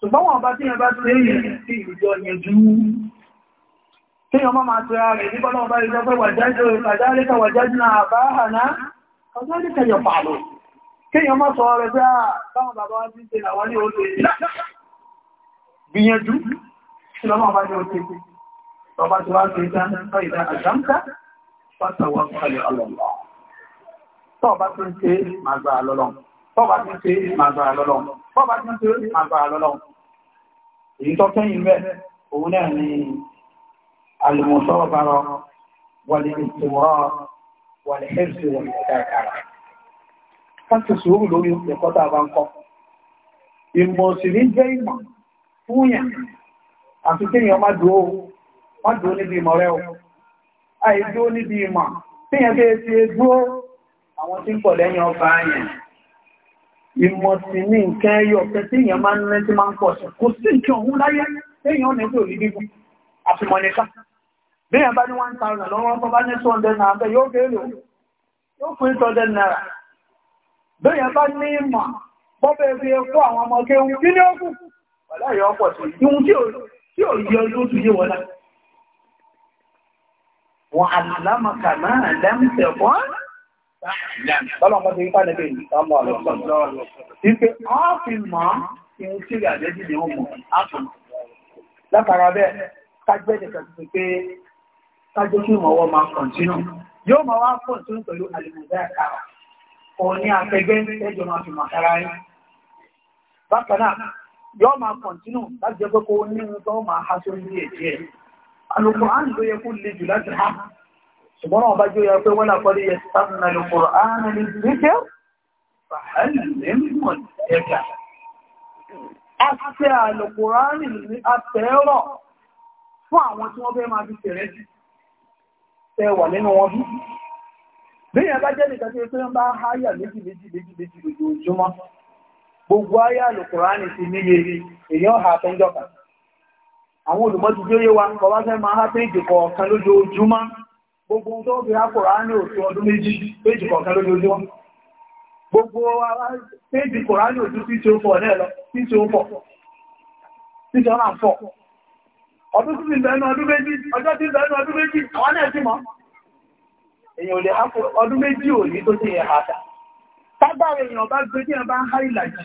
ṣùgbọ́n wọn bá tí yẹn bá tún lè rí sí ìjọ yẹnjú tí yọ mọ́ máa tura rẹ̀ nígbọ́n náà bá rí lọ́pẹ́ wàjájú kàjálẹ́kà wàjájú náà bá hàná kàjálẹ́kà yọ pààlò kí yọ mọ́ sọ rẹ̀ pé àwọn bàbá wá ti ń ṣe làwọn ní oṣù gbìyànjú tí lọ́mọ́ bá ní oṣù bàbá tí wá ṣe ìdá ìdá àjámká pàtàwà kalẹ̀ ọlọ́lọ́ tọ́ọ̀bá tí ń ṣe màgbà lọ́lọ́ èyí tó kẹ́yìn bẹ́ẹ̀ òun náà ni alìmọ̀sọ́rọ̀bárọ̀ wọlé ìtìwọ́rọ̀ wọlé ẹ̀sì a bá ń kọ́ ìmọ̀ òsìrí jẹ́ ìmọ̀ fúnyàn àti kéèyàn má dúró má dúró níbi ìmọ̀ rẹ̀ o àìdúró níbi ìmọ̀ kéèyàn bẹ́ẹ̀ ti dúró àwọn tí ń pọ̀ lẹ́yìn ọba yẹn ìmọ̀sí ní nǹkan ẹyọ ọ̀fẹ́ tí èèyàn máa ń rẹ́ tí máa ń pọ̀ sí kò sí nǹkan òun láyé èèyàn ní tó rí gígùn àfimọ̀nìká bí èèyàn bá ní one thousand lọ́wọ́ ọkọ̀ bá ní two hundred naira bẹ́ẹ̀ yóò béèrè o yóò fún two hundred naira bí èèyàn bá ní ìmọ̀ bọ́bẹ̀ fi ẹkọ́ àwọn ọmọ kéwu kí ní ó kù pẹ̀lú ẹ̀yọ́ ọ̀pọ̀ sí ihun tí Bọ́lọ̀mọ́ ti ipá níbi ìtàmọ́ àlọ́sọ̀rọ̀. Ipe a fi máa ti ń tí ìrìnàjẹ́ jìdì ó mọ̀ ápùn. Látara bẹ́ẹ̀, kájẹ́ ìdẹ̀kẹ̀ ti pé kájẹ́ kí ìmọ̀wọ́ máa kọ̀ntínú. Yóò máa wá kọ̀ntínú pẹ̀lú àlùmọ̀dá àkàrà. Òní àtẹgbẹ́ ẹjọ́ máa fi màkàrà yín. Bákan náà, yóò máa kọ̀ntínú láti jẹ́ pé kó ní ohun tó máa ha sórí díẹ̀ díẹ̀. Àlùkò ṣùgbọ́n wọn bá jó ya pé wọ́n lápọ́lé yẹ sáàmùnà lè kòrò ààrẹ ní ìgbésẹ̀ Afẹ́ àlòkòránì ní afẹ́rọ̀ fún àwọn tí wọ́n fẹ́ máa fi tẹ̀rẹ́ sí nínú wọn bí. Bí jẹ́ nìkan tí ó fẹ́ bá háyà méjì méjì méjì méjì gbogbo ha ti gbogbo tó bí ápòrá ní òtù ọdún méjì péjì kọ̀ọ̀kan gbogbo péjì kọ̀ọ̀rá ní òtù tí ó fọ̀ náà lọ tí ó fọ̀ tí ó náà ọdún tí ọdún méjì ọjọ́ tí ọdún méjì àwọn náà sí mọ́ ọdún méjì ò ní tó àtà tágbàrà bá gbé tí ẹ bá ń há ìlàjì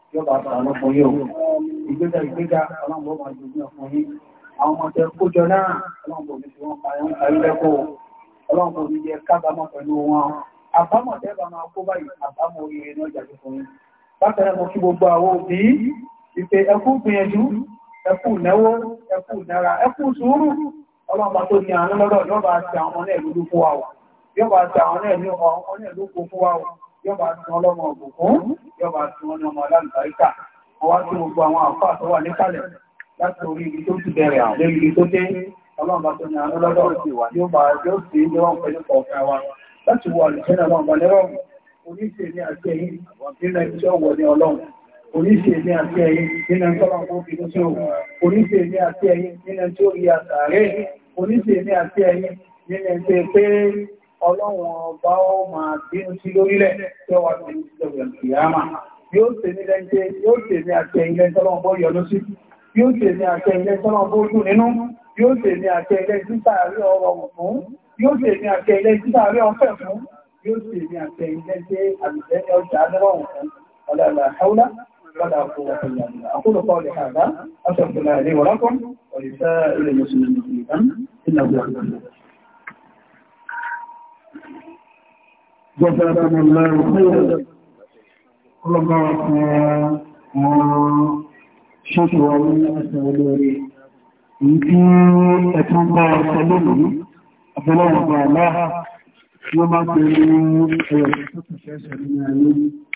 yóò bá sọ̀rọ̀ lọ́pọ̀ yóò ìgbéga ìgbéga ọlọ́mọ máa jù ní ọkùn yìí àwọn ọmọ tẹ kójọ náà ọlọ́mọ mi ti wọ́n pa ẹ̀wọ̀n parí lẹ́kọ̀ọ́ ọlọ́mọ mi jẹ kábàámọ̀ pẹ̀lú wọn àbámọ̀ tẹ́ bá máa kó báyìí àbámọ̀ orí ẹ̀nà ọjà tuntun yìí bákan náà mo kí gbogbo àwọn òbí ìpè ẹkú gbìyànjú ẹkú náwó ẹkú nára ẹkú sùúrù ọlọ́mọ tó ní àánú lọ́dọ̀ yóò bá ti àwọn ọ̀nà ìlú fún wa o yóò bá ti àwọn ọ̀nà ìlú fún wa yọba tún ọlọ́mọ ògùnkún yọba tún ọ ọmọ aláǹtaríkà ọwá tí gbogbo àwọn àfáà tó wà níkàlẹ̀ láti orí ibi tó ti bẹ̀rẹ̀ àwọn ibi tó dé ọlọ́run tó ní àánú lọ́dọ̀ yóò bá yóò sì ń lọ́wọ́ pẹ̀lú kọ̀ọ̀kan wa láti wọ àlùfẹ́ náà lọ́wọ́ balẹ́rọ̀rùn oníṣe ní àti ẹ̀yìn nínú ẹni tí ní ọlọ́run oníṣe ní àti ẹ̀yìn nínú ẹni tọ́lọ́run tó fi lóṣù oníṣe ní àti ní àti ẹ̀yìn nínú ẹni pé ọlọ́run ọba ó máa bínú sí lórílẹ̀ tí wọ́n ti ń sọ̀rọ̀ ìyáàmà yóò tè ní lẹ́ńtẹ́ yóò tè ní àtẹ ilẹ̀ tọ́lọ́run bó yọnu sí yóò tè ní àtẹ ilẹ̀ tọ́lọ́run bó dùn nínú yóò tè ní àtẹ ilẹ̀ títà rí ọrọ̀ fún yóò tè ní àtẹ ilẹ̀ títà rí ọfẹ́ fún yóò tè ní àtẹ ilẹ̀ tí àlùfẹ́ ọjà adọ́rọ̀hún fún ọ̀làlà haúlá ولا قوة إلا بالله أقول قولي هذا أشهد الله لي ولكم ولسائر المسلمين إنه يغفر جزاكم الله خيرا ọlọ́gbà àwọn ṣíṣù àwọn ẹ̀sẹ̀ olóri èyí tí ẹ̀tún bá ọ̀sẹ̀ lónìí àbúlọ́wọ̀n bá aláà tí ó máa pẹ̀lú ẹ̀yẹ̀ tó kìí ṣẹ́ṣẹ̀ ní ayé